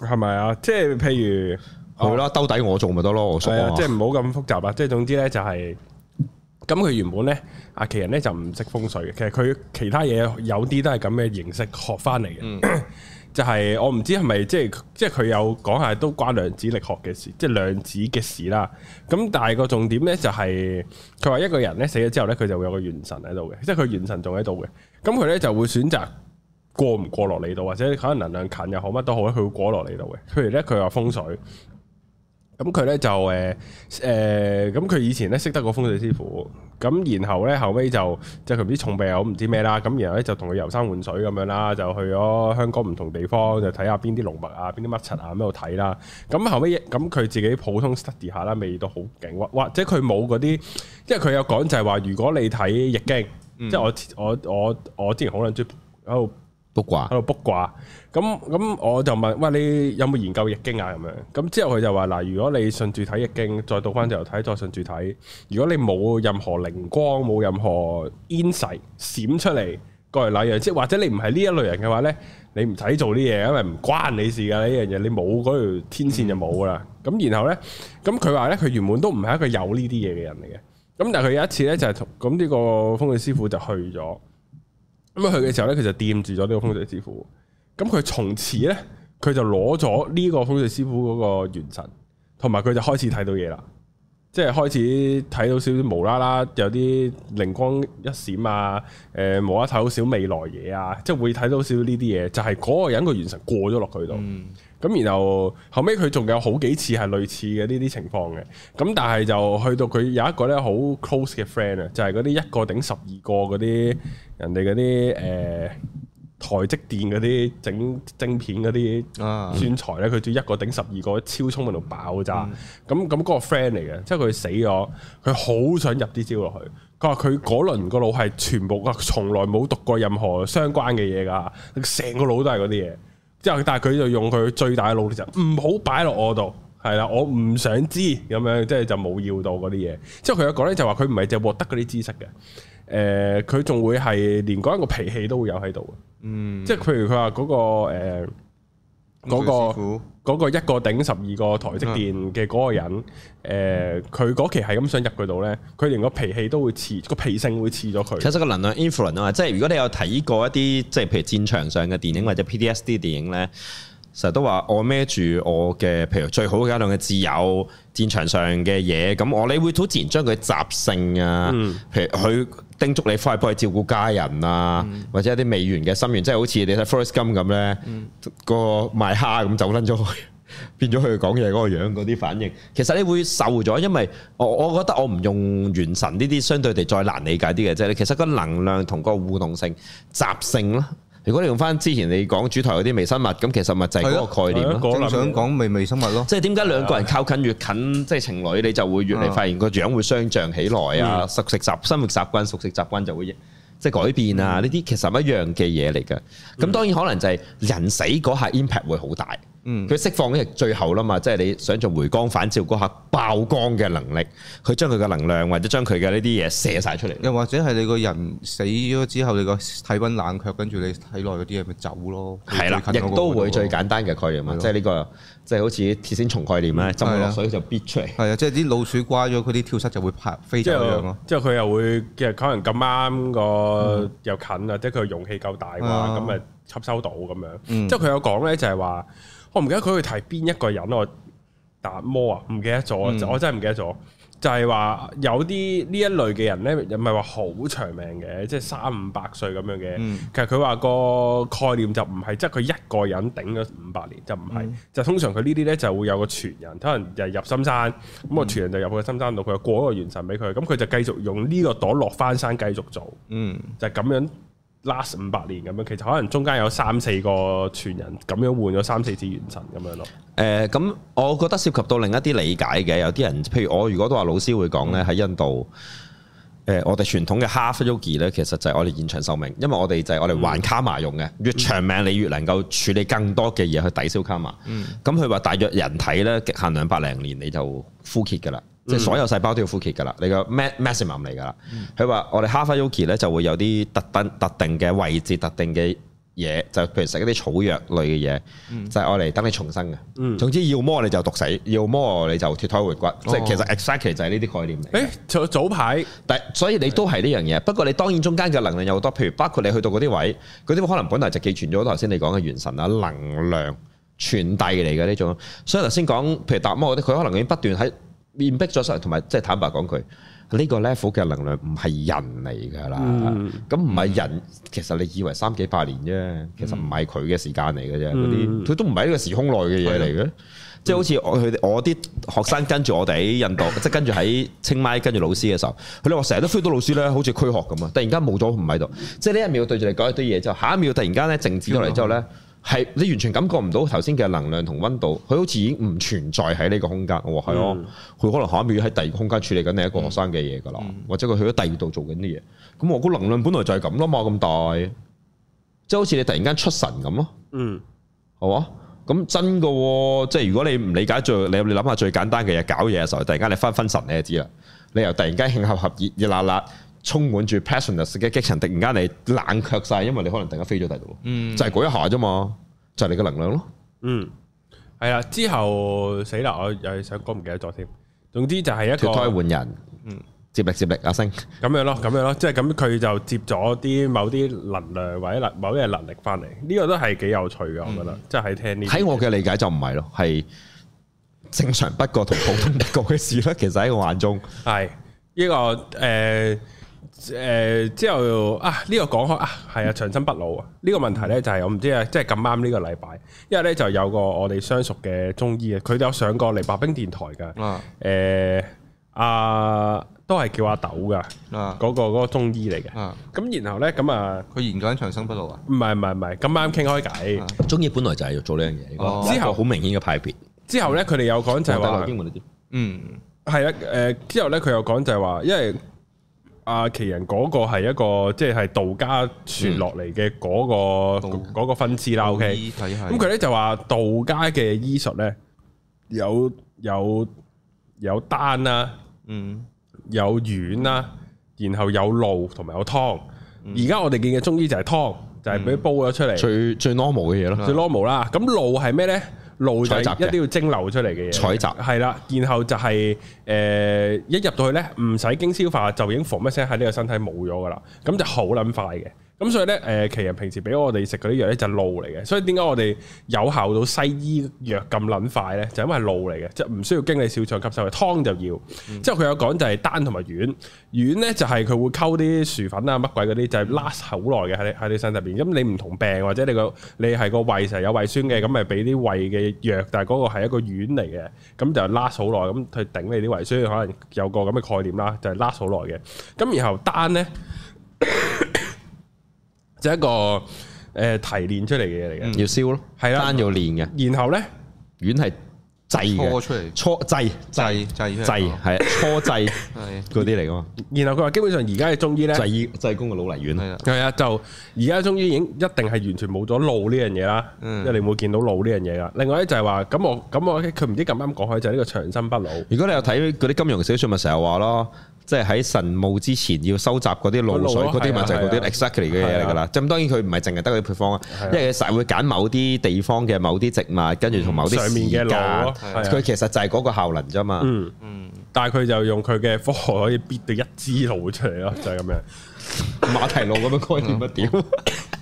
係咪啊？即係譬如，係、啊、啦，兜底我做咪得咯。我想，即係唔好咁複雜啊！即係總之咧、就係，就係咁。佢原本咧，阿奇人咧就唔識風水嘅。其實佢其他嘢有啲都係咁嘅形式學翻嚟嘅。嗯就係我唔知係咪，即係即係佢有講下都關量子力學嘅事，即係量子嘅事啦。咁但係個重點呢，就係佢話一個人呢，死咗之後呢，佢就會有個元神喺度嘅，即係佢元神仲喺度嘅。咁佢呢就會選擇過唔過落嚟度，或者可能能量近又好，乜都好，佢會過落嚟度嘅。譬如呢，佢話風水。咁佢咧就誒誒，咁、呃、佢以前咧識得個風水師傅，咁然後咧後尾就即係佢唔知重病我唔知咩啦，咁然後咧就同佢遊山玩水咁樣啦，就去咗香港唔同地方，就睇下邊啲龍脈啊，邊啲乜柒啊，喺度睇啦。咁後尾，咁佢自己普通 study 下啦，味道都好勁，或或者佢冇嗰啲，即為即係佢有講就係、是、話，如果你睇易經，嗯、即係我我我我之前好撚追。」喺度，卜卦喺度卜卦，咁咁我就問，喂，你有冇研究易經啊？咁樣，咁之後佢就話，嗱，如果你順住睇易經，再讀翻就睇，再順住睇。如果你冇任何靈光，冇任何煙勢閃出嚟、過嚟那樣，即係或者你唔係呢一類人嘅話咧，你唔使做啲嘢，因為唔關你事噶呢樣嘢。你冇嗰條天線就冇噶啦。咁然後咧，咁佢話咧，佢原本都唔係一個有呢啲嘢嘅人嚟嘅。咁但係佢有一次咧就係同咁呢個風水師傅就去咗。咁佢嘅時候呢，佢就掂住咗呢個風水師傅。咁佢從此呢，佢就攞咗呢個風水師傅嗰個元神，同埋佢就開始睇到嘢啦。即係開始睇到少少無啦啦，有啲靈光一閃啊！誒，無啦啦睇到少少未來嘢啊！即係會睇到少少呢啲嘢，就係嗰個人個元神過咗落去度。咁然後後尾佢仲有好幾次係類似嘅呢啲情況嘅，咁但係就去到佢有一個咧，好 close 嘅 friend 啊，就係嗰啲一個頂十二個嗰啲人哋嗰啲誒台積電嗰啲整晶片嗰啲啊，算材咧，佢做一個頂十二個超聰明到爆炸，咁咁嗰個 friend 嚟嘅，即係佢死咗，佢好想入啲招落去，佢話佢嗰輪個腦係全部啊，佢從來冇讀過任何相關嘅嘢㗎，成個腦都係嗰啲嘢。之後，但係佢就用佢最大嘅腦力就唔好擺落我度，係啦，我唔想知咁樣，即係就冇、是、要到嗰啲嘢。之後佢有講咧，就話佢唔係淨係獲得嗰啲知識嘅，誒、呃，佢仲會係連嗰一個脾氣都會有喺度嘅，嗯，即係譬如佢話嗰個誒個。嗰個一個頂十二個台積電嘅嗰個人，誒、嗯，佢嗰、呃、期係咁想入佢度咧，佢連個脾氣都會似，個脾性會似咗佢。其實個能量 influence 啊，即係如果你有睇過一啲即係譬如戰場上嘅電影或者 PTSD 電影咧，成日都話我孭住我嘅，譬如最好嘅一樣嘅摯友，戰場上嘅嘢，咁我你會好自然將佢習性啊，嗯、譬如佢。叮囑你快啲幫佢照顧家人啊，嗯、或者一啲未完嘅心願，即係好似你睇 Forest 金咁咧，嗯、個賣蝦咁走甩咗去，變咗佢講嘢嗰個樣，嗰啲反應，其實你會受咗，因為我我覺得我唔用元神呢啲，相對地再難理解啲嘅啫。其實個能量同個互動性、集性咯。如果你用翻之前你講主台嗰啲微生物，咁其實咪就係嗰個概念咯。我的想講微微生物咯，即係點解兩個人靠近越近，即、就、係、是、情侶，你就會越嚟發現個樣會相像起來、嗯、啊！熟食習生活習慣、熟食習慣就會即係、就是、改變啊！呢啲、嗯、其實一樣嘅嘢嚟嘅。咁當然可能就係人死嗰下 impact 會好大。佢、嗯、釋放嘅係最後啦嘛，即係你想做回光返照嗰下爆光嘅能力，去將佢嘅能量或者將佢嘅呢啲嘢射晒出嚟。又或者係你個人死咗之後，你個體温冷卻，跟住你體內嗰啲嘢咪走咯。係啦，亦都會最簡單嘅概念咯，即係呢個，即、就、係、是、好似鐵線蟲概念咧，浸落的水就必出嚟。係啊，即係啲老鼠瓜咗嗰啲跳蚤就會拍飛走的、嗯、樣咯。佢又會其實可能咁啱個又近啊，即係佢嘅容器夠大嘛，咁咪、啊嗯、吸收到咁樣。即係佢有講咧，就係話。我唔記得佢去提邊一個人咯，達摩啊，唔記得咗，我真係唔記得咗。就係、是、話有啲呢一類嘅人咧，又唔係話好長命嘅，即係三五百歲咁樣嘅。嗯、其實佢話個概念就唔係，即係佢一個人頂咗五百年就唔係，嗯、就通常佢呢啲咧就會有個傳人，可能入入深山咁啊，那個、傳人就入去深山度，佢過一個元神俾佢，咁佢就繼續用呢個朵落翻山繼續做，嗯，就係咁樣。Last 五百年咁樣，其實可能中間有三四個傳人咁樣換咗三四次元神咁樣咯。誒、呃，咁我覺得涉及到另一啲理解嘅，有啲人譬如我如果都話老師會講咧，喺印度誒、呃，我哋傳統嘅哈夫魯吉咧，其實就係我哋延長壽命，因為我哋就係我哋還卡瑪用嘅，越長命你越能夠處理更多嘅嘢去抵消卡瑪，嗯。咁佢話大約人體咧極限兩百零年你就枯竭噶啦。即係所有細胞都要呼吸噶啦，你個 max maximum 嚟噶啦。佢話、嗯、我哋哈佛 Yuki 咧就會有啲特定特定嘅位置、特定嘅嘢，就譬如食一啲草藥類嘅嘢，嗯、就係我嚟等你重生嘅。嗯、總之，要麼你就毒死，要麼你就脫胎換骨。哦、即係其實 exactly 就係呢啲概念嚟、欸、早排，但所以你都係呢樣嘢。對不過你當然中間嘅能量有好多，譬如包括你去到嗰啲位，嗰啲可能本來就寄存咗頭先你講嘅元神啊、能量傳遞嚟嘅呢種。所以頭先講譬如達摩佢可能已經不斷喺。面迫咗出嚟，同埋即係坦白講佢呢個 level 嘅能量唔係人嚟㗎啦。咁唔係人，其實你以為三幾百年啫，嗯、其實唔係佢嘅時間嚟嘅啫。啲佢、嗯、都唔係呢個時空內嘅嘢嚟嘅，的即係好似我佢我啲學生跟住我哋喺印度，嗯、即係跟住喺清邁跟住老師嘅時候，佢哋話成日都 feel 到老師咧，好似軀殼咁啊。突然間冇咗唔喺度，即係呢一秒對住你講一堆嘢之後，下一秒突然間咧靜止落嚟之後咧。係你完全感覺唔到頭先嘅能量同溫度，佢好似已經唔存在喺呢個空間喎。係咯，佢可能下一秒喺第二個空間處理緊你一個學生嘅嘢噶啦，或者佢去咗第二度做緊啲嘢。咁我估能量本來就係咁咯嘛，咁大，即係好似你突然間出神咁咯。嗯，係嘛？咁真嘅，即係如果你唔理解最，你你諗下最簡單嘅嘢，搞嘢嘅時候，突然間你分分神你就知啦，你又突然間興合合熱熱辣辣。充滿住 passionless 嘅激情，突然間你冷卻晒，因為你可能突然間飛咗喺度，就係嗰一下啫嘛，就係你嘅能量咯。嗯，係啦，之後死啦，我又想講唔記得咗添。總之就係脫胎換人，嗯，接力接力阿星，咁樣咯，咁樣咯，即係咁佢就接咗啲某啲能量或者能某啲嘢能力翻嚟，呢個都係幾有趣㗎，我覺得。即係聽呢。喺我嘅理解就唔係咯，係正常不過同普通一個嘅事啦。其實喺我眼中係呢個誒。誒，之後啊，呢個講開啊，係啊，長生不老啊，呢個問題咧就係我唔知啊，即係咁啱呢個禮拜，因為咧就有個我哋相熟嘅中醫啊，佢哋有上過黎白兵電台噶，誒啊，都係叫阿豆噶，嗰個嗰個中醫嚟嘅，咁然後咧咁啊，佢研究緊長生不老啊？唔係唔係唔係，咁啱傾開偈，中醫本來就係要做呢樣嘢，之後好明顯嘅派別，之後咧佢哋有講就係話，嗯，係啊，誒，之後咧佢又講就係話，因為。啊！奇人嗰個係一個即係、係、道家傳落嚟嘅嗰個嗰個分支啦道，OK。咁佢咧就話道家嘅醫術咧有有有丹啦，嗯，有丸啦，然後有露同埋有湯。而家、嗯、我哋見嘅中醫就係湯，就係、係、俾煲咗出嚟、嗯。最最 normal 嘅嘢咯，最 normal 啦。咁露係咩咧？路採一啲要蒸餾出嚟嘅嘢，採集係啦，然後就係、是、誒、呃、一入到去咧，唔使經消化就已經 form 乜聲喺呢個身體冇咗噶啦，咁就好撚快嘅。咁所以咧，誒，高人平時俾我哋食嗰啲藥咧就係露嚟嘅，所以點解我哋有效到西醫藥咁撚快咧？就係、因為係露嚟嘅，即係唔需要經你小腸吸收嘅湯就要。嗯、之後佢有講就係丹同埋丸，丸咧就係佢會溝啲薯粉啊乜鬼嗰啲，就係 last 好耐嘅喺喺你身入邊。咁你唔同病或者你個你係個胃成日有胃酸嘅，咁咪俾啲胃嘅藥，但係嗰個係一個丸嚟嘅，咁就 last 好耐，咁去頂你啲胃酸，可能有個咁嘅概念啦，就係 last 好耐嘅。咁然後丹咧。 就係一個誒提煉出嚟嘅嘢嚟嘅，要燒咯，係啦，單要煉嘅。然後咧丸係劑搓出嚟，搓劑劑劑劑係搓劑嗰啲嚟噶嘛。然後佢話基本上而家嘅中醫咧劑劑工嘅老泥丸咯，係啊，就而家中醫已經一定係完全冇咗路呢樣嘢啦，因為你冇見到路呢樣嘢啦。另外咧就係話咁我咁我佢唔知咁啱講開就係呢個長生不老。如果你有睇嗰啲金融小說，咪成日話咯。即係喺晨霧之前要收集嗰啲露水，嗰啲咪就係嗰啲 exactly 嘅嘢嚟㗎啦。咁當然佢唔係淨係得佢配方啊，因為佢實會揀某啲地方嘅某啲植物，跟住同某啲上面嘅露。佢其實就係嗰個效能啫嘛。但係佢就用佢嘅科學可以憋到一支露出嚟咯，就係咁樣。馬蹄露咁樣乾點乜點？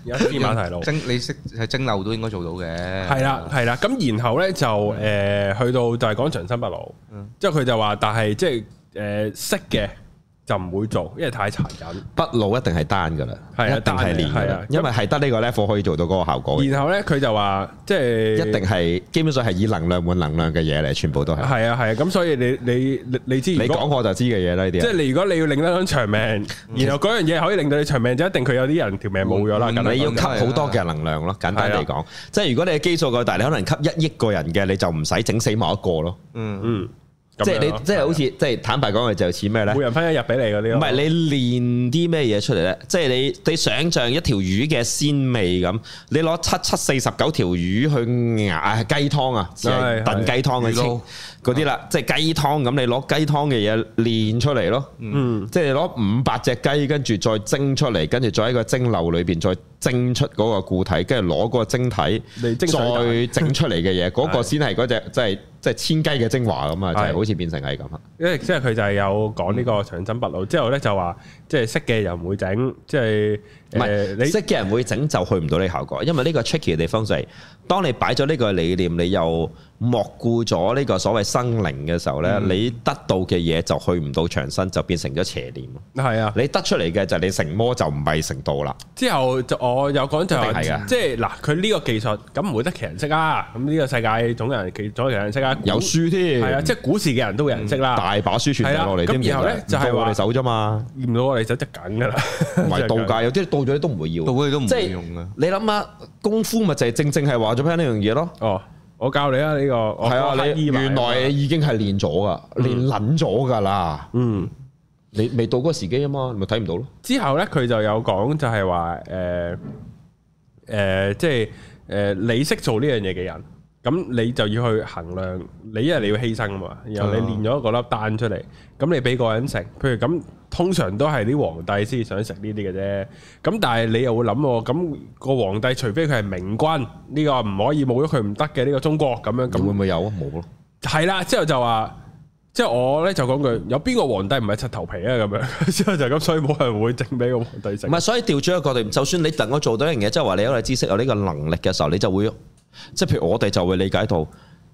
有一支馬蹄露蒸，你識蒸露都應該做到嘅。係啦，係啦。咁然後咧就誒去到就係講長生不老。即係佢就話，但係即係。誒，識嘅就唔會做，因為太殘忍。不老一定係單噶啦，係啊，一定係練噶啦，因為係得呢個 level 可以做到嗰個效果。然後咧，佢就話，即係一定係基本上係以能量換能量嘅嘢嚟，全部都係。係啊，係啊，咁所以你你你你知，你講我就知嘅嘢啦呢啲。即係你如果你要令到你長命，然後嗰樣嘢可以令到你長命，就一定佢有啲人條命冇咗啦。咁你要吸好多嘅能量咯，簡單嚟講，即係如果你基數夠大，你可能吸一億個人嘅，你就唔使整死某一個咯。嗯嗯。即係你，即係好似，即係是的 坦白講，係就似咩咧？每人分一日俾你嗰啲。唔係你練啲咩嘢出嚟咧？即係你你想象一條魚嘅鮮味咁，你攞七七四十九條魚去熬雞湯啊，即係燉雞湯嘅清嗰啲啦，即係雞湯咁，你攞雞湯嘅嘢練出嚟咯。嗯，即係你攞五百隻雞，跟住再蒸出嚟，跟住再喺個蒸餾裏邊再蒸出嗰個固體，跟住攞個蒸體，蒸再整出嚟嘅嘢，嗰 個先係嗰隻即係。 即係千雞嘅精華咁啊，就係、是、好似變成係咁啊！嗯、因為即係佢就係有講呢個長生不老之後咧，就話即係識嘅人唔會整，即係唔係識嘅人會整就去唔到你效果，因為呢個 tricky 嘅地方就係當你擺咗呢個理念，你又，莫顧咗呢個所謂生靈嘅時候咧，你得到嘅嘢就去唔到長生，就變成咗邪念。係啊，你得出嚟嘅就你成魔就唔係成道啦。之後就我有講就係，即係嗱，佢呢個技術咁唔會得其人識啊。咁呢個世界總有人技，總有其人識啊。有書添，係啊，即係古時嘅人都有人識啦。大把書傳咗落嚟。咁然後咧就係我哋手啫嘛，唔到我哋手就緊噶啦，唔係道界有啲道咗都唔會要，道界都唔會用啊。你諗下功夫咪就係正正係話咗 p 呢樣嘢咯。哦。我教你啊呢個，係啊，你原來已經係練咗噶，練捻咗噶啦，嗯，你未到嗰個時機啊嘛，咪睇唔到咯。之後咧佢就有講就係話誒誒即係誒、呃、你識做呢樣嘢嘅人。咁你就要去衡量，你一日你要犧牲啊嘛，然後你練咗一個粒丹出嚟，咁你俾個人食，譬如咁，通常都係啲皇帝先想食呢啲嘅啫。咁但係你又會諗，咁個皇帝除非佢係明君，呢個唔可以冇咗佢唔得嘅呢個中國咁樣，咁會唔會有啊？冇咯，係啦，之後就話，即係我咧就講句，有邊個皇帝唔係七頭皮啊？咁樣之後就咁，所以冇人會整俾個皇帝食。唔係，所以調轉一個角度，就算你等我做到一樣嘢，即係話你有啲知識有呢個能力嘅時候，你就會。即係譬如我哋就會理解到，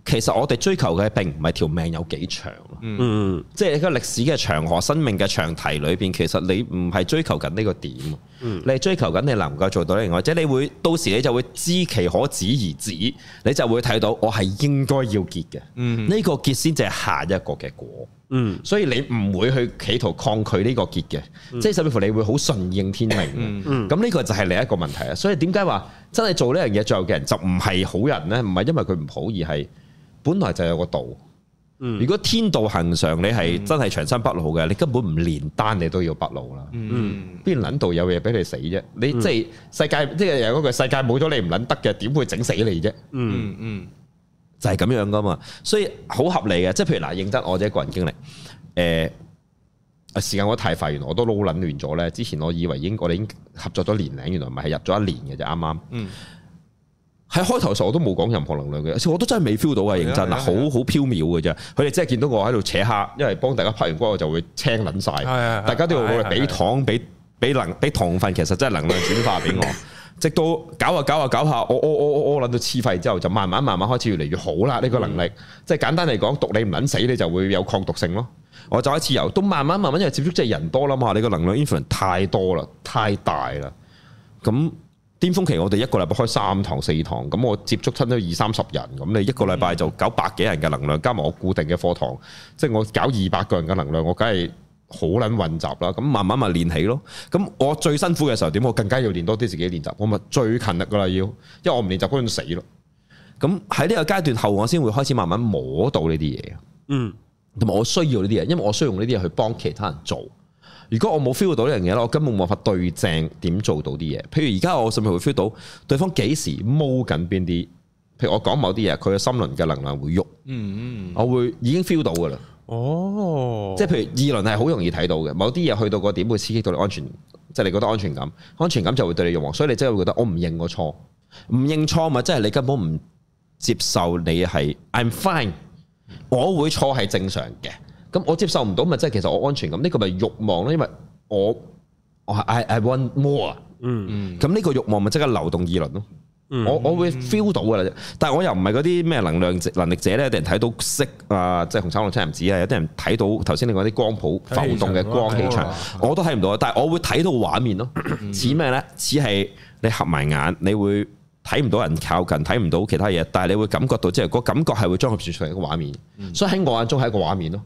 其實我哋追求嘅並唔係條命有幾長，嗯，即係一個歷史嘅長河、生命嘅長堤裏邊，其實你唔係追求緊呢個點。你追求緊，你能夠做到另外，即係你會到時，你就會知其可止而止，你就會睇到我係應該要結嘅。呢、嗯、個結先至係下一個嘅果。嗯、所以你唔會去企圖抗拒呢個結嘅，嗯、即係甚至乎你會好順應天命。咁呢、嗯嗯、個就係另一個問題啊！所以點解話真係做呢樣嘢最後嘅人就唔係好人呢？唔係因為佢唔好，而係本來就有個道。如果天道恒常，你係真係長生不老嘅，你根本唔連單你都要不老啦。嗯，邊捻到有嘢俾你死啫？你即係世界，嗯、即係又嗰句世界冇咗你唔捻得嘅，點會整死你啫？嗯嗯，就係、是、咁樣噶嘛，所以好合理嘅。即係譬如嗱，認真我自己一個人經歷，誒、呃，時間我太快，原來我都腦捻亂咗咧。之前我以為英國我已經合作咗年零，原來唔係係入咗一年嘅啫，啱啱。嗯喺開頭時我都冇講任何能量嘅，我都真係未 feel 到嘅，認真好好、啊啊啊、飄渺嘅啫。佢哋真係見到我喺度扯黑，因為幫大家拍完骨，我就會青撚晒。啊啊、大家都會俾糖、俾俾能、俾、啊啊啊、糖分，糖分糖分其實真係能量轉化俾我。 直到搞下搞下搞下，我我我我我到黐廢之後，就慢慢慢慢開始越嚟越好啦。呢、呢個能力，即係、嗯、簡單嚟講，毒你唔撚死你，就會有抗毒性咯。我就一次由，都慢慢慢慢因為接觸即係人多啦嘛，你個能量 influence 太多啦，太大啦，咁。巔峰期我哋一個禮拜開三堂四堂，咁我接觸親都二三十人，咁你一個禮拜就搞百幾人嘅能量，加埋我固定嘅課堂，即係我搞二百個人嘅能量，我梗係好撚混雜啦。咁慢慢咪練起咯。咁我最辛苦嘅時候點？我更加要練多啲自己練習。我咪最勤力噶啦，要，因為我唔練習嗰陣死咯。咁喺呢個階段後，我先會開始慢慢摸到呢啲嘢。嗯，同埋我需要呢啲嘢，因為我需要用呢啲嘢去幫其他人做。如果我冇 feel 到呢樣嘢咧，我根本冇辦法對正點做到啲嘢。譬如而家我甚至會 feel 到對方幾時踎緊邊啲。譬如我講某啲嘢，佢嘅心輪嘅能量會喐。嗯嗯，我會已經 feel 到噶啦。哦，即係譬如二輪係好容易睇到嘅。某啲嘢去到個點，會刺激到你安全，即係你覺得安全感，安全感就會對你用。所以你真係會覺得我唔認我錯，唔認錯咪即係你根本唔接受你係 I'm fine，我會錯係正常嘅。咁我接受唔到咪即係其實我安全感呢、呢個咪慾望咧？因為我，我 I, I want more 嗯。嗯，咁呢個慾望咪即刻流動二輪咯。我我會 feel 到嘅啦，但係我又唔係嗰啲咩能量能力者咧，有啲人睇到色啊，即係紅橙黃青藍紫啊，有啲人睇到頭先你講啲光譜浮動嘅光氣場，我都睇唔到。但係我會睇到畫面咯。似咩咧？似係你合埋眼，你會睇唔到人靠近，睇唔到其他嘢，但係你會感覺到即係、就是、個感覺係會裝入樹上一個畫面。嗯、所以喺我眼中係一個畫面咯。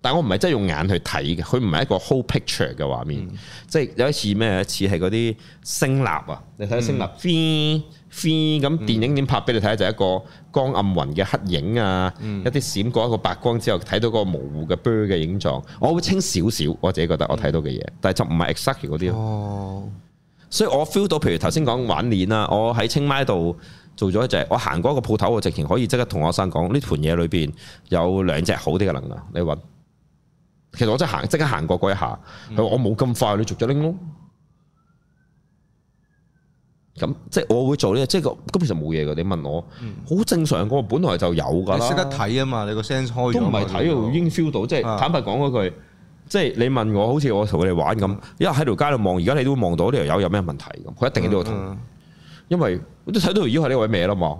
但我唔係真係用眼去睇嘅，佢唔係一個 whole picture 嘅畫面。嗯、即係有一次咩？似次係嗰啲聲納啊，你睇聲納飛飛咁，嗯嗯、電影點拍俾你睇就係、一個光暗雲嘅黑影啊，嗯、一啲閃過一個白光之後，睇到個模糊嘅 bird 嘅影像。嗯、我會清少少，我自己覺得我睇到嘅嘢，嗯、但係就唔係 exactly 嗰啲咯。所以我 feel 到，譬如頭先講玩鏈啦，我喺清邁度做咗就係我行過一個鋪頭，我直情可以即刻同學生講呢盤嘢裏邊有兩隻好啲嘅能量，你其實我即係行，即刻行過嗰一下，佢話我冇咁快，你逐咗拎咯。咁即係我會做呢？即係個根本上冇嘢噶，你問我，好正常。我本來就有噶。你識得睇啊嘛？你個聲開都唔係睇，我已經 feel 到。即係坦白講嗰句，即係你問我，好似我同佢哋玩咁，一喺條街度望，而家你都會望到呢條友有咩問題？佢一定都有痛，因為我都睇到條腰係呢位咩啦嘛。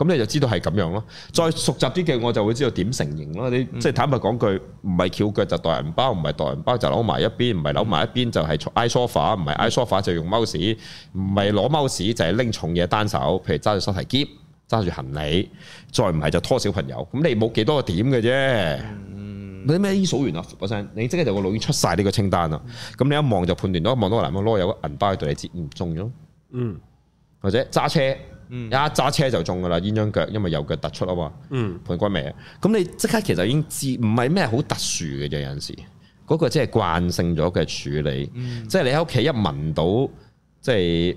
咁你就知道係咁樣咯。再熟習啲嘅，我就會知道點成形咯。你即係、嗯、坦白講句，唔係翹腳就袋銀包，唔係袋銀包就攞埋一邊，唔係攞埋一邊就係挨 sofa，唔係挨 sofa 就用踎屎，唔係攞踎屎就係拎重嘢單手，譬如揸住手提結，揸住行李，再唔係就拖小朋友。咁你冇幾多個點嘅啫、嗯。你咩？啲數完啊，嗰陣你即刻就個腦出晒呢個清單啦。咁你一望就判斷到，望到個男人攞有個銀包對你截唔中咗。嗯。嗯、或者揸車。一揸車就中噶啦，鴛鴦腳，因為右腳突出啊嘛。嗯、盆骨未尾，咁你即刻其實已經知，唔係咩好特殊嘅啫。有陣時嗰、嗰個即係慣性咗嘅處理，嗯、即係你喺屋企一聞到，即係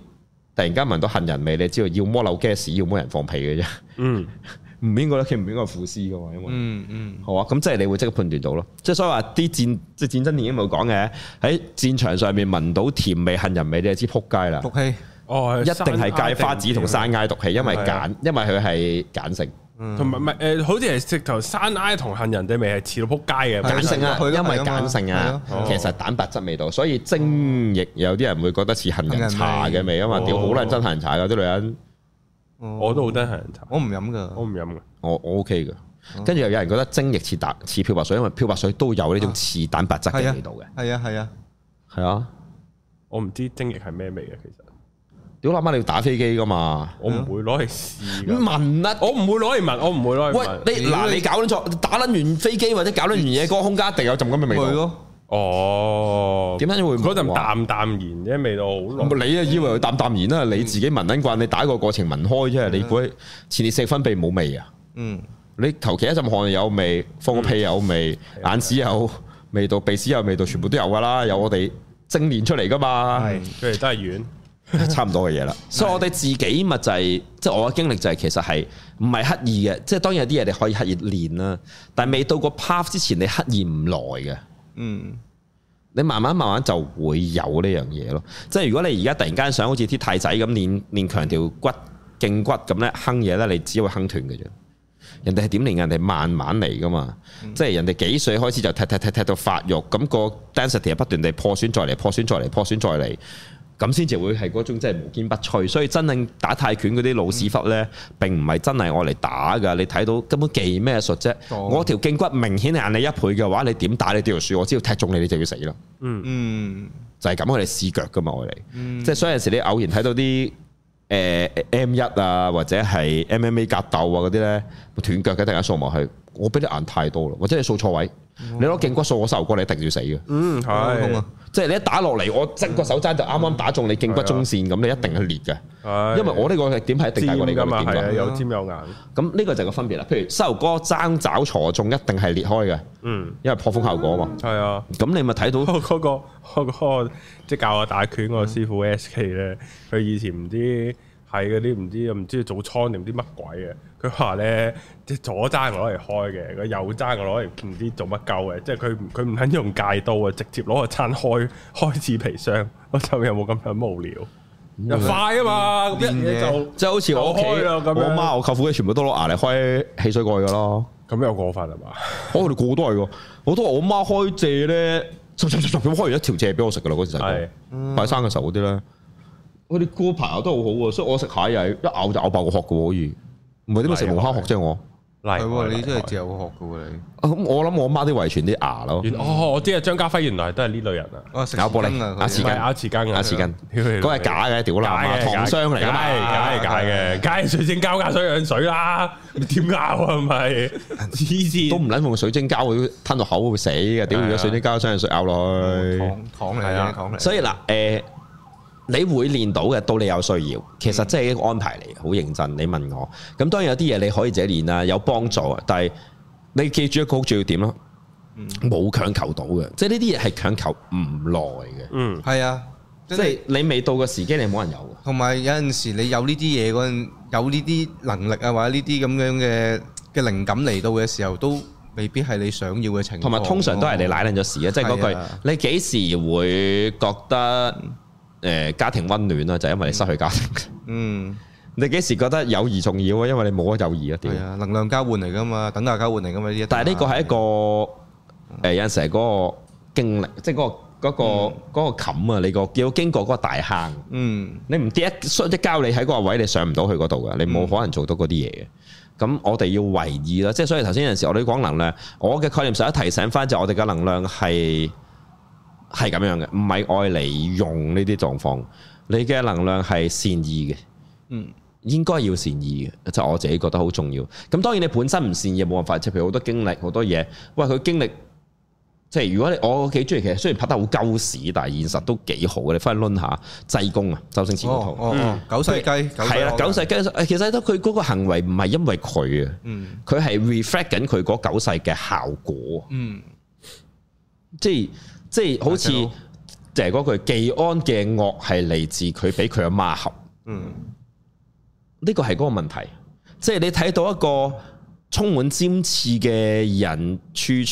突然間聞到杏仁味，你知道要摸漏 gas，要摸人放屁嘅啫。唔、嗯、 應該喺屋企，唔應該係腐屍嘅嘛。因為、嗯，嗯、好啊，咁即係你會即刻判斷到咯。即係所以話啲戰，即係戰爭電影冇講嘅，喺戰場上面聞到甜味、杏仁味，你就知撲街啦。哦，一定係芥花籽同山埃毒氣，因為鹼，因為佢係鹼性，同埋唔係，誒，好似係直頭山埃同杏仁嘅味係似到仆街嘅。鹼性啊，因為鹼性啊，其實蛋白質味道，所以精液有啲人會覺得似杏仁茶嘅味啊嘛。屌好憎杏仁茶噶啲女人，我都好憎杏仁茶，我唔飲噶，我唔飲噶，我我 OK 噶。跟住又有人覺得精液似蛋似漂白水，因為漂白水都有呢種似蛋白質嘅味道嘅。係啊係啊係啊，我唔知精液係咩味啊，其實。屌你老母，你要打飛機噶嘛？我唔會攞去試聞啊！我唔會攞去聞，我唔會攞去餵你嗱，你搞撚錯，打撚完飛機或者搞撚完嘢，嗰個空間一定有浸咁嘅味道咯。的哦，點解會？嗰陣淡淡然嘅味道你啊以為佢淡淡然啦？你自己聞撚慣，你打個過程聞開啫。嗯、你估前列腺分泌冇味啊？嗯，你求其一陣汗有味，放個屁有味，嗯、眼屎有味道，鼻屎有味道，全部都有噶啦，有我哋精煉出嚟噶嘛？係、嗯，佢都係軟。 差唔多嘅嘢啦，所以我哋自己咪就係、是就是，即係我嘅經歷就係，其實係唔係刻意嘅，即係當然有啲嘢你可以刻意練啦，但係未到個 path 之前，你刻意唔來嘅，嗯，你慢慢慢慢就會有呢樣嘢咯。即係如果你而家突然間想好似啲太仔咁練練強條骨勁骨咁咧，哼嘢咧，你只會哼斷嘅啫。人哋係點練，人哋慢慢嚟噶嘛。嗯、即係人哋幾歲開始就踢踢踢踢到發育，咁、那個 density 係不斷地破損再嚟，破損再嚟，破損再嚟。咁先至會係嗰種即係無堅不摧，所以真正打泰拳嗰啲老屎忽咧，並唔係真係我嚟打噶。你睇到根本技咩術啫？對我條頸骨明顯係硬你一倍嘅話，你點打你條樹？我只要踢中你，你就要死咯。嗯嗯，就係咁，我哋試腳噶嘛，我哋。即係、嗯、所以有陣時你偶然睇到啲誒、呃、M 一啊，或者係 MMA 格鬥啊嗰啲咧，斷腳嘅突然間掃埋去。我俾你眼太多啦，或者你掃錯位，你攞勁骨掃我膝頭哥，你一定要死嘅。嗯，係，即係你一打落嚟，我即個手踭就啱啱打中你勁骨中線，咁你一定係裂嘅。因為我呢個點係一定大過你呢個點㗎。有尖有眼。咁呢個就係個分別啦。譬如膝頭哥爭爪錯中，一定係裂開嘅。嗯，因為破風效果嘛。係啊。咁你咪睇到嗰個嗰個即係教我打拳個師傅 SK 咧，佢以前唔知。係嗰啲唔知唔知做倉定啲乜鬼嘅，佢話咧即左揸攞嚟開嘅，佢右揸攞嚟唔知做乜鳩嘅，即係佢佢唔肯用戒刀啊，直接攞個鏟開開紙皮箱，我尋日有冇咁樣無聊？又、嗯、快啊嘛，一的就即係好似我屋企啊咁，我媽我舅父嘅全部都攞牙嚟開汽水蓋噶咯，咁又過分係嘛？我 哋個都係喎，我都話我媽開蔗咧，十咁開完一條蔗俾我食㗎啦，嗰時就係快生嘅時候嗰啲啦。的我啲牙都好好喎，所以我食蟹又係一咬就咬爆個殼嘅喎，可以。唔係點會食龍蝦殼啫我？係你真係嚼個殼嘅你。咁我諗我阿媽啲遺傳啲牙咯。哦，我知啊，張家輝原來都係呢類人啊。咬玻璃啊，牙齒間咬齒間牙齒間，嗰係假嘅，屌啦，牙糖霜嚟嘅咪，假係假嘅，假係水晶膠牙水養水啦，點咬啊，唔係痴線。都唔撚用水晶膠，吞落口會死嘅。屌，如果水晶膠水咬落去，糖嚟。所以嗱，誒。你會練到嘅，到你有需要，其實即係一個安排嚟，好認真。你問我，咁當然有啲嘢你可以自己練啊，有幫助啊。但係你記住一個好重要點咯。冇強、嗯、求到嘅，即係呢啲嘢係強求唔耐嘅。嗯，係啊、嗯，即係你未到嘅時機，你冇人有。同埋有陣時，你有呢啲嘢陣，有呢啲能力啊，或者呢啲咁樣嘅嘅靈感嚟到嘅時候，都未必係你想要嘅情況。同埋通常都係你奶捻咗屎啊！即係嗰句，嗯、你幾時會覺得？誒家庭溫暖啦，就係因為你失去家庭。嗯，你幾時覺得友誼重要啊？因為你冇咗友誼一啲。係啊，能量交換嚟噶嘛，等價交換嚟噶嘛啲。但係呢個係一個誒有陣時嗰個經歷，即係嗰個嗰個嗰個坎啊！你個要經過嗰個大坑。嗯。你唔跌一摔一跤，你喺個位你上唔到去嗰度噶，你冇可能做到嗰啲嘢嘅。咁我哋要維持啦，即係所以頭先有陣時我哋講能量，我嘅概念想提醒翻就係我哋嘅能量係。係咁樣嘅，唔係愛嚟用呢啲狀況，你嘅能量係善意嘅，嗯，應該要善意嘅，即係我自己覺得好重要。咁當然你本身唔善意，冇辦法，即係譬如好多經歷，好多嘢，喂佢經歷，即係如果你我幾中意，其實雖然拍得好鳩屎，但係現實都幾好嘅。你翻去掄下濟公啊，周星馳嗰套，九世雞，係啊、嗯，九世雞，其實佢嗰個行為唔係因為佢啊，嗯，佢係 reflect 緊佢嗰九世嘅效果，嗯，即係。即係好似就係嗰句，技安嘅惡係嚟自佢俾佢阿媽合。嗯，呢個係嗰個問題。即係你睇到一個充滿尖刺嘅人，處處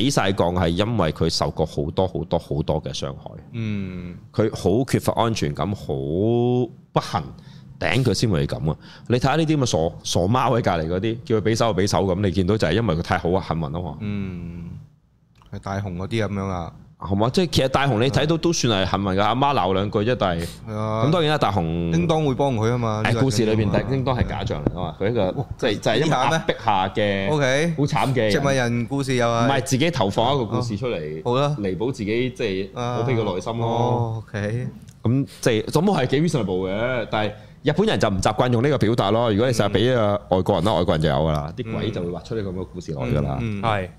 起晒槓，係因為佢受過好多好多好多嘅傷害。嗯，佢好缺乏安全感，好不幸頂佢先會咁啊！你睇下呢啲咁嘅傻傻貓喺隔籬嗰啲，叫佢俾手俾手咁，你見到就係因為佢太好啊，幸運嘛。嗯，係大雄嗰啲咁樣啊。好嘛，即係其實大雄你睇到都算係幸運嘅，阿媽鬧兩句啫，但係咁當然啦，大雄叮噹會幫佢啊嘛。喺故事裏邊，但叮噹係假象嚟啊嘛，佢一、哦、個即係就係一壓逼下嘅，O K，好慘嘅植物人故事又係唔係自己投放一個故事出嚟、哦，好啦，彌補自己即係好悲嘅內心咯。O K，咁即係總冇係幾 reasonable 嘅，哦 okay、但係日本人就唔習慣用呢個表達咯。如果你成日俾啊外國人啦，嗯、外國人就有噶啦，啲鬼就會畫出呢咁嘅故事落噶啦。係、嗯，咁、嗯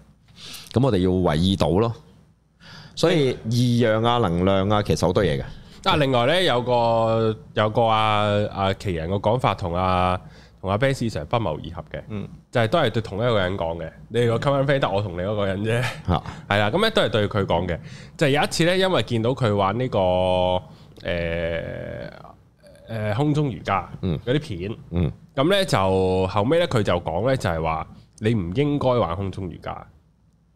嗯、我哋要維意到咯。所以異樣啊，能量啊，其實好多嘢嘅、啊。啊，另外咧有個有個啊啊奇人嘅講法、啊，同阿同啊 Benz 非不謀而合嘅。嗯，就係都係對同一個人講嘅。你個 common friend 得我同你嗰個人啫。嚇、嗯，係啦，咁咧都係對佢講嘅。就係、有一次咧，因為見到佢玩呢、呢個誒誒、呃呃、空中瑜伽，嗯，嗯，啲片，嗯，咁咧就後尾咧佢就講咧，就係話你唔應該玩空中瑜伽。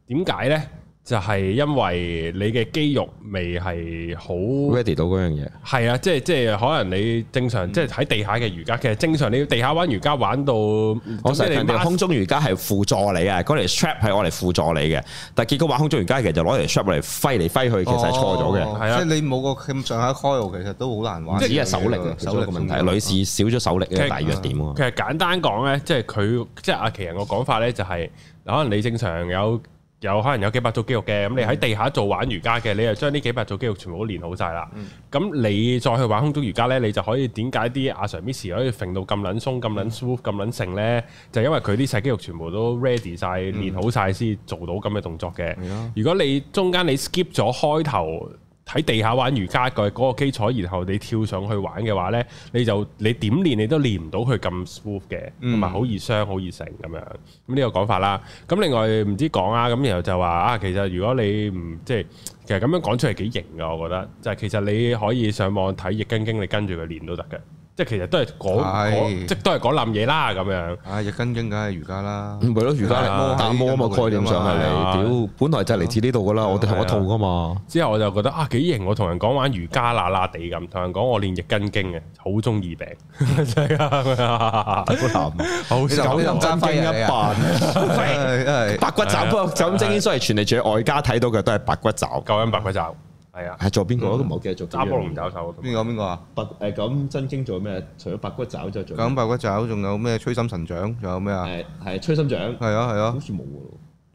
點解咧？就係因為你嘅肌肉未係好 ready 到嗰樣嘢，係啊，即係即係可能你正常即係喺地下嘅瑜伽，其實正常你要地下玩瑜伽玩到，我係你玩空中瑜伽係輔助你啊，嗰條 strap 係我嚟輔助你嘅。但係結果玩空中瑜伽其實就攞嚟 strap 嚟揮嚟揮去，其實係錯咗嘅。即係你冇個咁上下 core，其實都好難玩。只係手力，手力問題。女士少咗手力嘅大弱點。其實簡單講咧，即係佢即係阿奇人個講法咧，就係可能你正常有。有可能有幾百組肌肉嘅，咁、嗯、你喺地下做玩瑜伽嘅，你就將呢幾百組肌肉全部都練好晒啦。咁、嗯、你再去玩空中瑜伽呢，你就可以點解啲阿 Sir Miss 可以揈到咁撚鬆、咁撚舒 m 咁撚性呢？就係、因為佢啲細肌肉全部都 ready 晒、練好晒先、嗯、做到咁嘅動作嘅。嗯、如果你中間你 skip 咗開頭。喺地下玩瑜伽嘅嗰個基礎，然後你跳上去玩嘅話呢，你就你點練你都練唔到佢咁 smooth 嘅，同埋好易傷，好易成咁樣。咁呢個講法啦。咁另外唔知講啊，咁然後就話啊，其實如果你唔，即係其實咁樣講出嚟幾型啊。我覺得就係其實你可以上網睇易筋經，經，你跟住佢練都得嘅。即係其實都係講，即係都係講冧嘢啦咁樣。啊，易筋經梗係瑜伽啦，唔係咯，瑜伽係魔打魔嘛，概念上係嚟，屌，本來就係嚟自呢度噶啦，我哋係一套噶嘛。之後我就覺得啊，幾型，我同人講玩瑜伽，辣辣地咁，同人講我練易筋經嘅，好中意病，真係啊，好冧，九陰真經一半，白骨爪，九陰真經雖係傳嚟自外家，睇到嘅都係白骨爪，九陰白骨爪。係啊，仲有邊個我都唔係好記得做。沙波龍爪手，邊個邊個啊？白誒，咁真經做咩？除咗白骨爪，之外仲有。咁白骨爪仲有咩？摧心神掌，仲有咩啊？係係摧心掌。係啊係啊。啊好似冇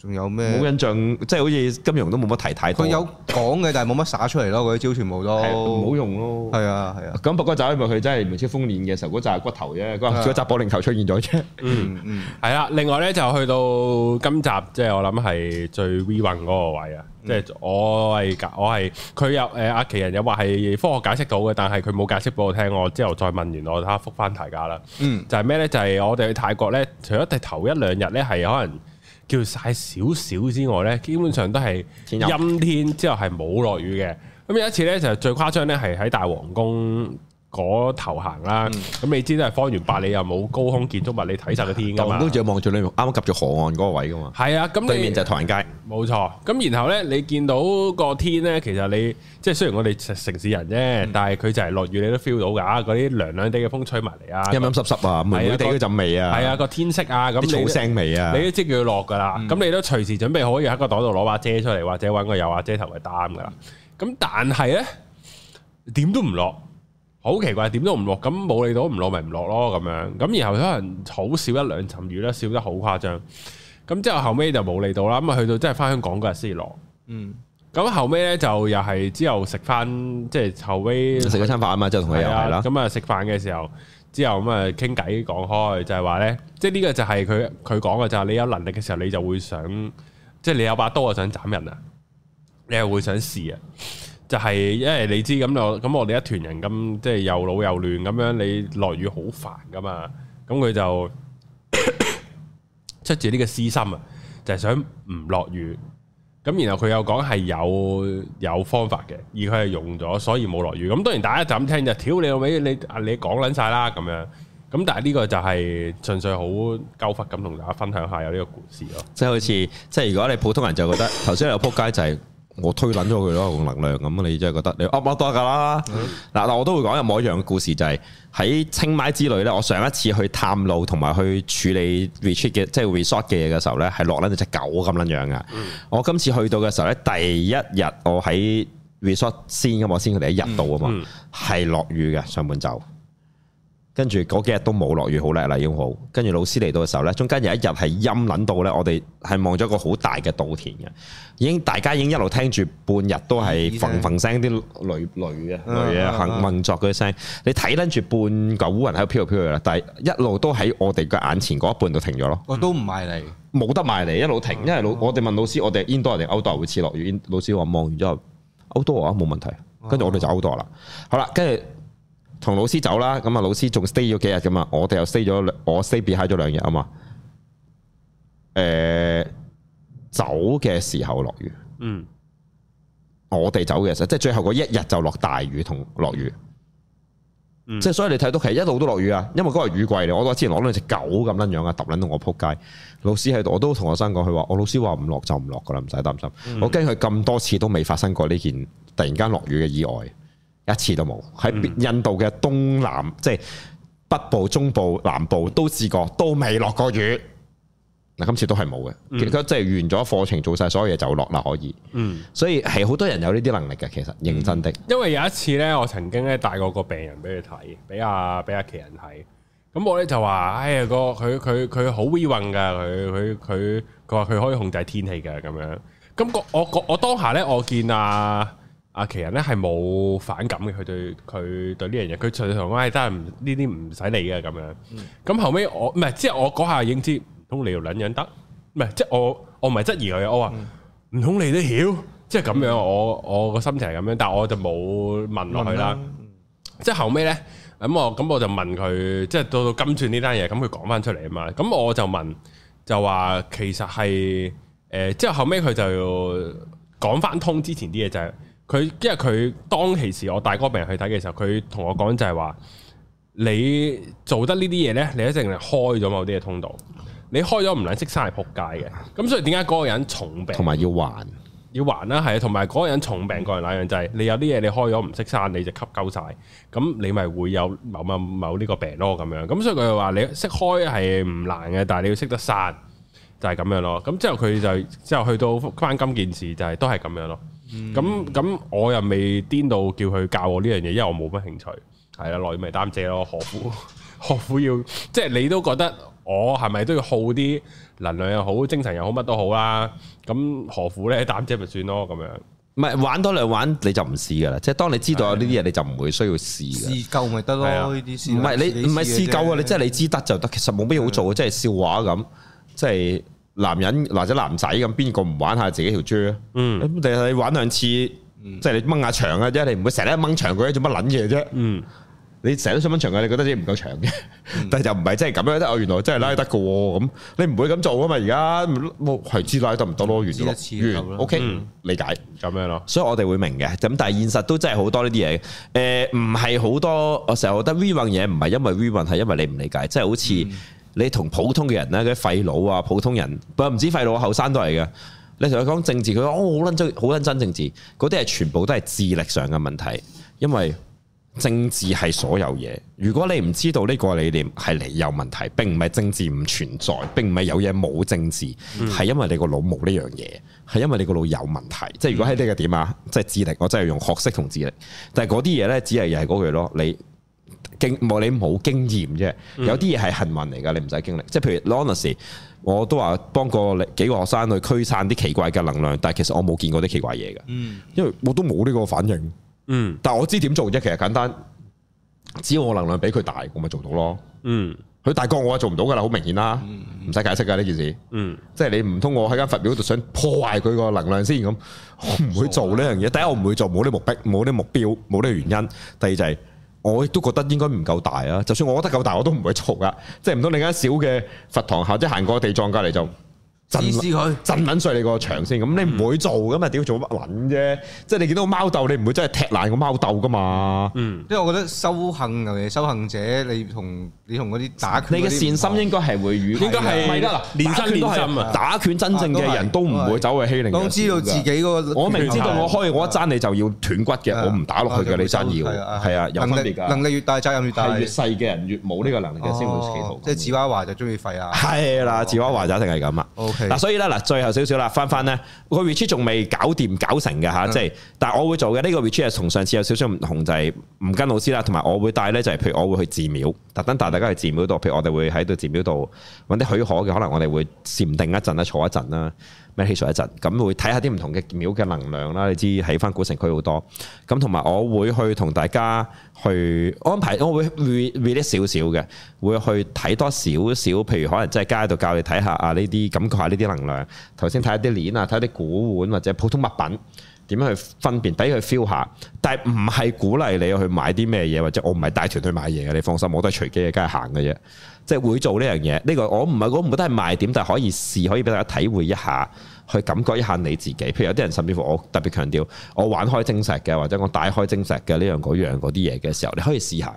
仲有咩？冇印象，即係好似金融都冇乜提太多。佢有講嘅，但係冇乜撒出嚟咯。嗰啲招全部都冇用咯。係啊，係啊。咁不過就因為佢真係未超封面嘅時候嗰紮骨頭啫。嗰個扎保齡球出現咗啫。嗯係啦，另外咧就去到今集，即係我諗係最 we 嗰個位啊。即係我係我係佢有誒阿奇人有話係科學解釋到嘅，但係佢冇解釋俾我聽。我之後再問完我，下翻覆翻大家啦。嗯。就係咩咧？就係我哋去泰國咧，除咗第頭一兩日咧，係可能。叫晒少少之外呢，基本上都係陰天，之後係冇落雨嘅。咁有一次呢，就最誇張呢係喺大皇宮。嗰頭行啦，咁你知都係方圓百里又冇高空建築物，你睇晒個天㗎嘛？仲要望住你啱啱夾住河岸嗰個位㗎嘛？係啊，咁對面就唐人街，冇錯。咁然後咧，你見到個天咧，其實你即係雖然我哋城市人啫，但係佢就係落雨，你都 feel 到㗎。嗰啲涼涼哋嘅風吹埋嚟啊，陰陰濕濕啊，咁會會啲嗰陣味啊，係啊，個天色啊，咁草腥味啊，你都知要落㗎啦。咁你都隨時準備可以喺個袋度攞把遮出嚟，或者搵個有把遮頭嘅擔㗎啦。咁但係咧，點都唔落。好奇怪，點都唔落，咁冇理到唔落咪唔落咯咁樣，咁然後可能好少一兩層雨啦，少得好誇張，咁之後後尾就冇理到啦，咁啊去到真係翻香港嗰日先落，嗯，咁後尾咧就又係之後食翻，即係後尾食咗餐飯啊嘛，之、啊、對後同佢又係啦，咁啊食飯嘅時候之後咁啊傾偈，講開就係話咧，即係呢個就係佢佢講嘅就係你有能力嘅時候你就會想，即係你有把刀啊想斬人啊，你係會想試啊。就係，因為你知咁就咁，我哋一團人咁，即係又老又嫩咁樣。你落雨好煩噶嘛，咁佢就出住呢個私心啊，就係想唔落雨。咁然後佢又講係有有方法嘅，而佢係用咗，所以冇落雨。咁當然大家就咁聽就，屌你老味，你你講撚曬啦咁樣。咁但係呢個就係純粹好鳩忽咁，同大家分享下有呢個故事咯。即係好似，即係如果你普通人就覺得頭先有仆街就係。我推捻咗佢咯，個能量咁你真係覺得你噏噏都得噶啦。嗱嗱、嗯，我都會講一模一樣嘅故事就係、是、喺清邁之旅。咧。我上一次去探路同埋去處理 retreat 嘅即係 resort 嘅嘢嘅時候咧，係落撚到隻狗咁撚樣嘅。嗯、我今次去到嘅時候咧，第一日我喺 resort 先㗎，嘛、嗯，先佢哋入到啊嘛，係落雨嘅上半晝。跟住嗰幾日都冇落雨，好叻啦，已經好。跟住老師嚟到嘅時候呢，中間有一日係陰冷到呢。我哋係望咗個好大嘅稻田嘅，已經大家已經一路聽住半日都係嗡嗡聲啲雷雷啊雷啊，嗡嗡、啊、作嗰啲聲。啊啊、你睇撚住半個烏雲喺度飄嚟飄去啦，但係一路都喺我哋嘅眼前嗰一半度停咗咯。我、嗯、都唔埋嚟，冇得埋嚟，一路停。啊、因為老我哋問老師，我哋 indoor 定 outdoor 會似落雨？老師話望完之後 outdoor 啊，冇問題。跟住我哋就 outdoor 啦。好啦，跟住。同老師走啦，咁啊老師仲 stay 咗幾日㗎嘛？我哋又 stay 咗兩，我 stay 別嗨咗兩日啊嘛。誒、呃，走嘅時候落雨，嗯，我哋走嘅時候，即係最後嗰一日就落大雨同落雨，即係、嗯、所以你睇到其實一路都落雨啊，因為嗰個雨季嚟，我之前攞兩隻狗咁撚樣啊，揼撚到我撲街。老師喺度，我都同學生講，佢話我老師話唔落就唔落噶啦，唔使擔心。我驚佢咁多次都未發生過呢件突然間落雨嘅意外。一次都冇喺印度嘅東南，嗯、即係北部、中部、南部都試過，都未落過雨。嗱、啊，今次都係冇嘅。其實即係完咗課程，做晒所有嘢就落啦，可以。嗯，所以係好多人有呢啲能力嘅，其實認真的。因為有一次呢，我曾經呢帶過個病人俾佢睇，俾阿俾阿奇人睇。咁我呢就話：哎呀，個佢佢佢好 we run 㗎，佢佢佢佢話佢可以控制天氣㗎咁樣。咁我我，我，我當下呢，我見啊。其實呢係冇反感嘅，佢對佢對呢樣嘢，佢隨隨堂講係得，呢啲唔使理嘅咁樣。咁後尾我唔係即係我嗰下已經知唔通你又兩樣得？唔係即係我我唔係質疑佢嘅，我話唔通你都曉，即係咁樣。我我個心情係咁樣，但係我就冇問落去啦。即係後尾咧，咁我咁我就問佢，即係到到今轉呢單嘢，咁佢講翻出嚟啊嘛。咁我就問就話其實係誒，即係後尾佢就講翻通之前啲嘢就係。佢，因為佢當其時我帶嗰個病人去睇嘅時候，佢同我講就係話：你做得呢啲嘢呢，你一定係開咗某啲嘅通道。你開咗唔能識生係撲街嘅。咁所以點解嗰個人重病？同埋要還，要還啦，係啊。同埋嗰個人重病，個人那樣就係、是、你有啲嘢你開咗唔識生，你就吸鳩晒。咁你咪會有某某某呢個病咯咁樣。咁所以佢就話：你識開係唔難嘅，但係你要識得刪就係、是、咁樣咯。咁之後佢就之後去到翻金件事就係、是、都係咁樣咯。咁咁、嗯、我又未癲到叫佢教我呢樣嘢，因為我冇乜興趣。係啦，內咪擔遮咯，何苦何苦要？即係你都覺得我係咪都要耗啲能量又好，精神又好，好，乜都好啦。咁何苦咧？擔遮咪算咯，咁樣。唔係玩多兩玩你就唔試噶啦。即係當你知道有呢啲嘢，你就唔會需要試。試夠咪得咯？呢啲先。唔係你唔係試夠啊！你即係你知得就得，其實冇乜嘢好做，即係的、就是、笑話咁，即係。男人或者男仔咁，邊個唔玩下自己條豬啊？嗯，定係你玩兩次，即係你掹下長啊，即係你唔會成日掹長佢，做乜撚嘢啫？嗯，你成日、嗯、都想掹長嘅，你覺得自己唔夠長嘅，嗯、 但係就唔係真係咁樣？得原來真係拉得嘅，咁、嗯、你唔會咁做啊嘛？而家我係知拉得唔得咯，完一次，完，O、okay? K，、嗯、理解咁樣咯。所以我哋會明嘅，咁但係現實都真係好多呢啲嘢。誒、呃，唔係好多，我成日覺得 rebound 嘢唔係因為 rebound，係因為你唔理解，即、就、係、是、好似。嗯你同普通嘅人咧，嗰啲廢老啊，普通人，唔止廢老，後生都係嘅。你同佢講政治，佢哦好捻真，好捻真政治。嗰啲係全部都係智力上嘅問題，因為政治係所有嘢。如果你唔知道呢個理念係你有問題，並唔係政治唔存在，並唔係有嘢冇政治，係因為你個腦冇呢樣嘢，係因為你個腦有問題。嗯、即係如果喺呢個點啊，即係智力，我真係用學識同智力。但係嗰啲嘢咧，只係又係嗰句咯，你。經冇你冇經驗啫，有啲嘢係幸運嚟噶，你唔使經歷。即係譬如 Lonnie，我都話幫過你幾個學生去驅散啲奇怪嘅能量，但係其實我冇見過啲奇怪嘢噶。嗯，因為我都冇呢個反應。嗯，但係我知點做啫，其實簡單，只要我能量比佢大，我咪做到咯。嗯，佢大哥我做唔到噶啦，好明顯啦，唔使解釋噶呢件事。嗯，即係你唔通我喺間佛廟度想破壞佢個能量先咁，我唔會做呢樣嘢。第一我唔會做目，冇啲目標，冇啲目標，冇啲原因。第二就係、是。我都覺得應該唔夠大啊！就算我覺得夠大，我都唔會嘈啊。即係唔通你間小嘅佛堂，或者行過地藏隔離就，指示佢震撚碎你個牆先，咁你唔會做噶嘛？屌做乜撚啫？即係你見到個貓竇，你唔會真係踢爛個貓竇噶嘛？嗯，因為我覺得修行尤其修行者，你同你同嗰啲打拳你嘅善心應該係會與，應該係，係啦，練真練都係。打拳真正嘅人都唔會走去欺凌。都知道自己個我明知道我開我一踭你就要斷骨嘅，我唔打落去嘅，你真要係啊？能力能力越大，責任越大。越細嘅人越冇呢個能力嘅先會歧途。即係子華華就中意廢啊！係啦，子華華就一定係咁啊。嗱 Okay.、啊，所以咧，嗱，最後少少啦，翻翻咧，個 retreat 仲未搞掂搞成嘅吓，即係、嗯，但係我會做嘅。呢、這個 retreat 係同上次有少少唔同，就係、是、唔跟老師啦，同埋我會帶咧、就是，就係譬如我會去寺廟，特登帶大家去寺廟度，譬如我哋會喺度寺廟度揾啲許可嘅，可能我哋會禪定一陣啦，坐一陣啦。咩氣場一陣，咁會睇下啲唔同嘅廟嘅能量啦。你知喺翻古城區好多，咁同埋我會去同大家去安排，我會 r e 少少嘅，會去睇多少少。譬如可能即係街度教你睇下啊呢啲，感佢覺下呢啲能量。頭先睇下啲鏈啊，睇下啲古玩或者普通物品點樣去分辨，第一去 feel 下。但係唔係鼓勵你去買啲咩嘢，或者我唔係帶團去買嘢嘅，你放心，我都係隨機嘅，街行嘅啫。即係會做呢樣嘢，呢、呢個我唔係我唔覺得係賣點，但係可以試，可以俾大家體會一下，去感覺一下你自己。譬如有啲人甚至乎我特別強調，我玩開晶石嘅，或者我帶開晶石嘅呢樣嗰樣嗰啲嘢嘅時候，你可以試下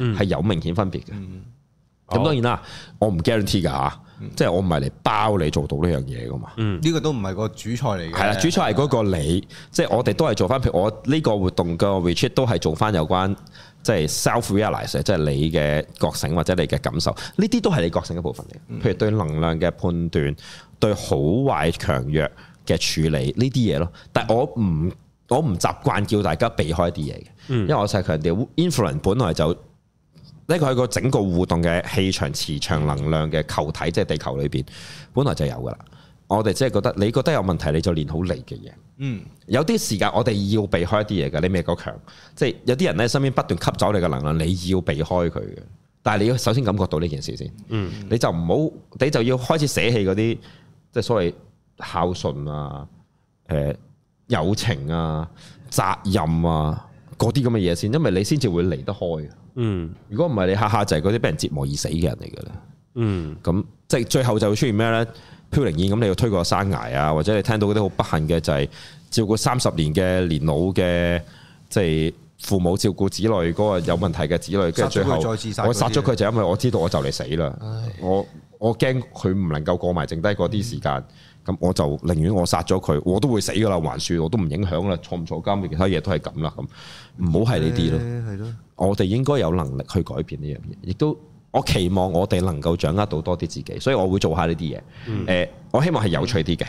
嘅，係有明顯分別嘅。咁、嗯、當然啦，我唔 guarantee 㗎，嚇、嗯，即係我唔係嚟包你做到呢樣嘢㗎嘛。呢、嗯、個都唔係個主菜嚟嘅，係啦，主菜係嗰個你，即係的我哋都係做翻。譬如我呢個活動嘅 retreat 都係做翻有關。即係 self realise，即係你嘅覺醒或者你嘅感受，呢啲都係你覺醒嘅部分嚟嘅。譬如對能量嘅判斷，對好壞強弱嘅處理，呢啲嘢咯。但係我唔，我唔習慣叫大家避開啲嘢嘅，因為我成日強調 influence 本來就呢個係個整個互動嘅氣場、磁場、能量嘅球體，即係地球裏邊本來就有噶啦。我哋即係覺得，你覺得有問題，你就練好嚟嘅嘢。嗯，有啲時間我哋要避開一啲嘢嘅，你未夠強。即係有啲人咧，身邊不斷吸走你嘅能量，你要避開佢嘅。但係你要首先感覺到呢件事先。嗯，你就唔好，你就要開始捨棄嗰啲，即係所謂孝順啊、誒、呃、友情啊、責任啊嗰啲咁嘅嘢先，因為你先至會離得開。嗯，如果唔係你下下就係嗰啲俾人折磨而死嘅人嚟嘅啦。嗯，咁即係最後就會出現咩咧？飄零燕咁，你要推過山崖啊？或者你聽到嗰啲好不幸嘅，就係照顧三十年嘅年老嘅，即係父母照顧子女嗰，那個有問題嘅子女，跟住最後殺我殺咗佢，就因為我知道我就嚟死啦唉，我我驚佢唔能夠過埋剩低嗰啲時間，咁，嗯、我就寧願我殺咗佢，我都會死噶啦，還算我都唔影響啦，坐唔坐監，其他嘢都係咁啦，咁唔好係呢啲咯，咯，欸，欸，我哋應該有能力去改變呢樣嘢，亦都。我期望我哋能夠掌握到多啲自己，所以我會做下呢啲嘢。誒、呃，我希望係有趣啲嘅，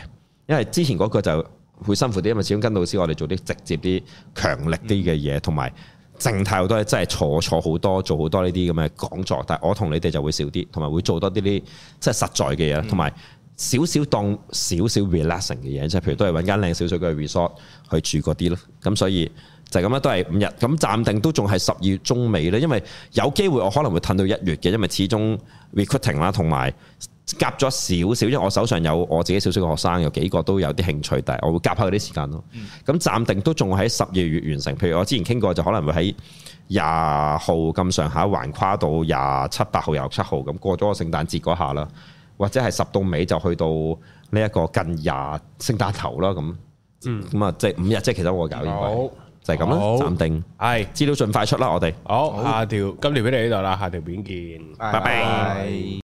因為之前嗰個就會辛苦啲，因為始終跟老師我哋做啲直接啲、強力啲嘅嘢，同埋靜態好多，真係坐坐好多，做好多呢啲咁嘅講座。但係我同你哋就會少啲，同埋會做多啲啲即係實在嘅嘢，同埋少少當少少 relaxing 嘅嘢，即係譬如都係揾間靚少少嘅 resort 去住嗰啲咯。咁所以。就咁樣，都係五日咁，暫定都仲係十二月中尾咧，因為有機會我可能會褪到一月嘅，因為始終 recruiting 啦，同埋夾咗少少，因為我手上有我自己少少嘅學生，有幾個都有啲興趣，但係我會夾下嗰啲時間咯。咁、嗯、暫定都仲喺十二月完成。譬如我之前傾過，就可能會喺廿號咁上下橫跨到廿七八號，廿七號咁過咗個聖誕節嗰下啦，或者係十到尾就去到呢一個近廿聖誕頭啦咁。咁啊，即係五日，即係其實我搞。就係咁啦，好暫定。係係資料盡快出啦，我哋。好，好下條，今條俾你呢度啦，下條片見。拜拜。拜拜。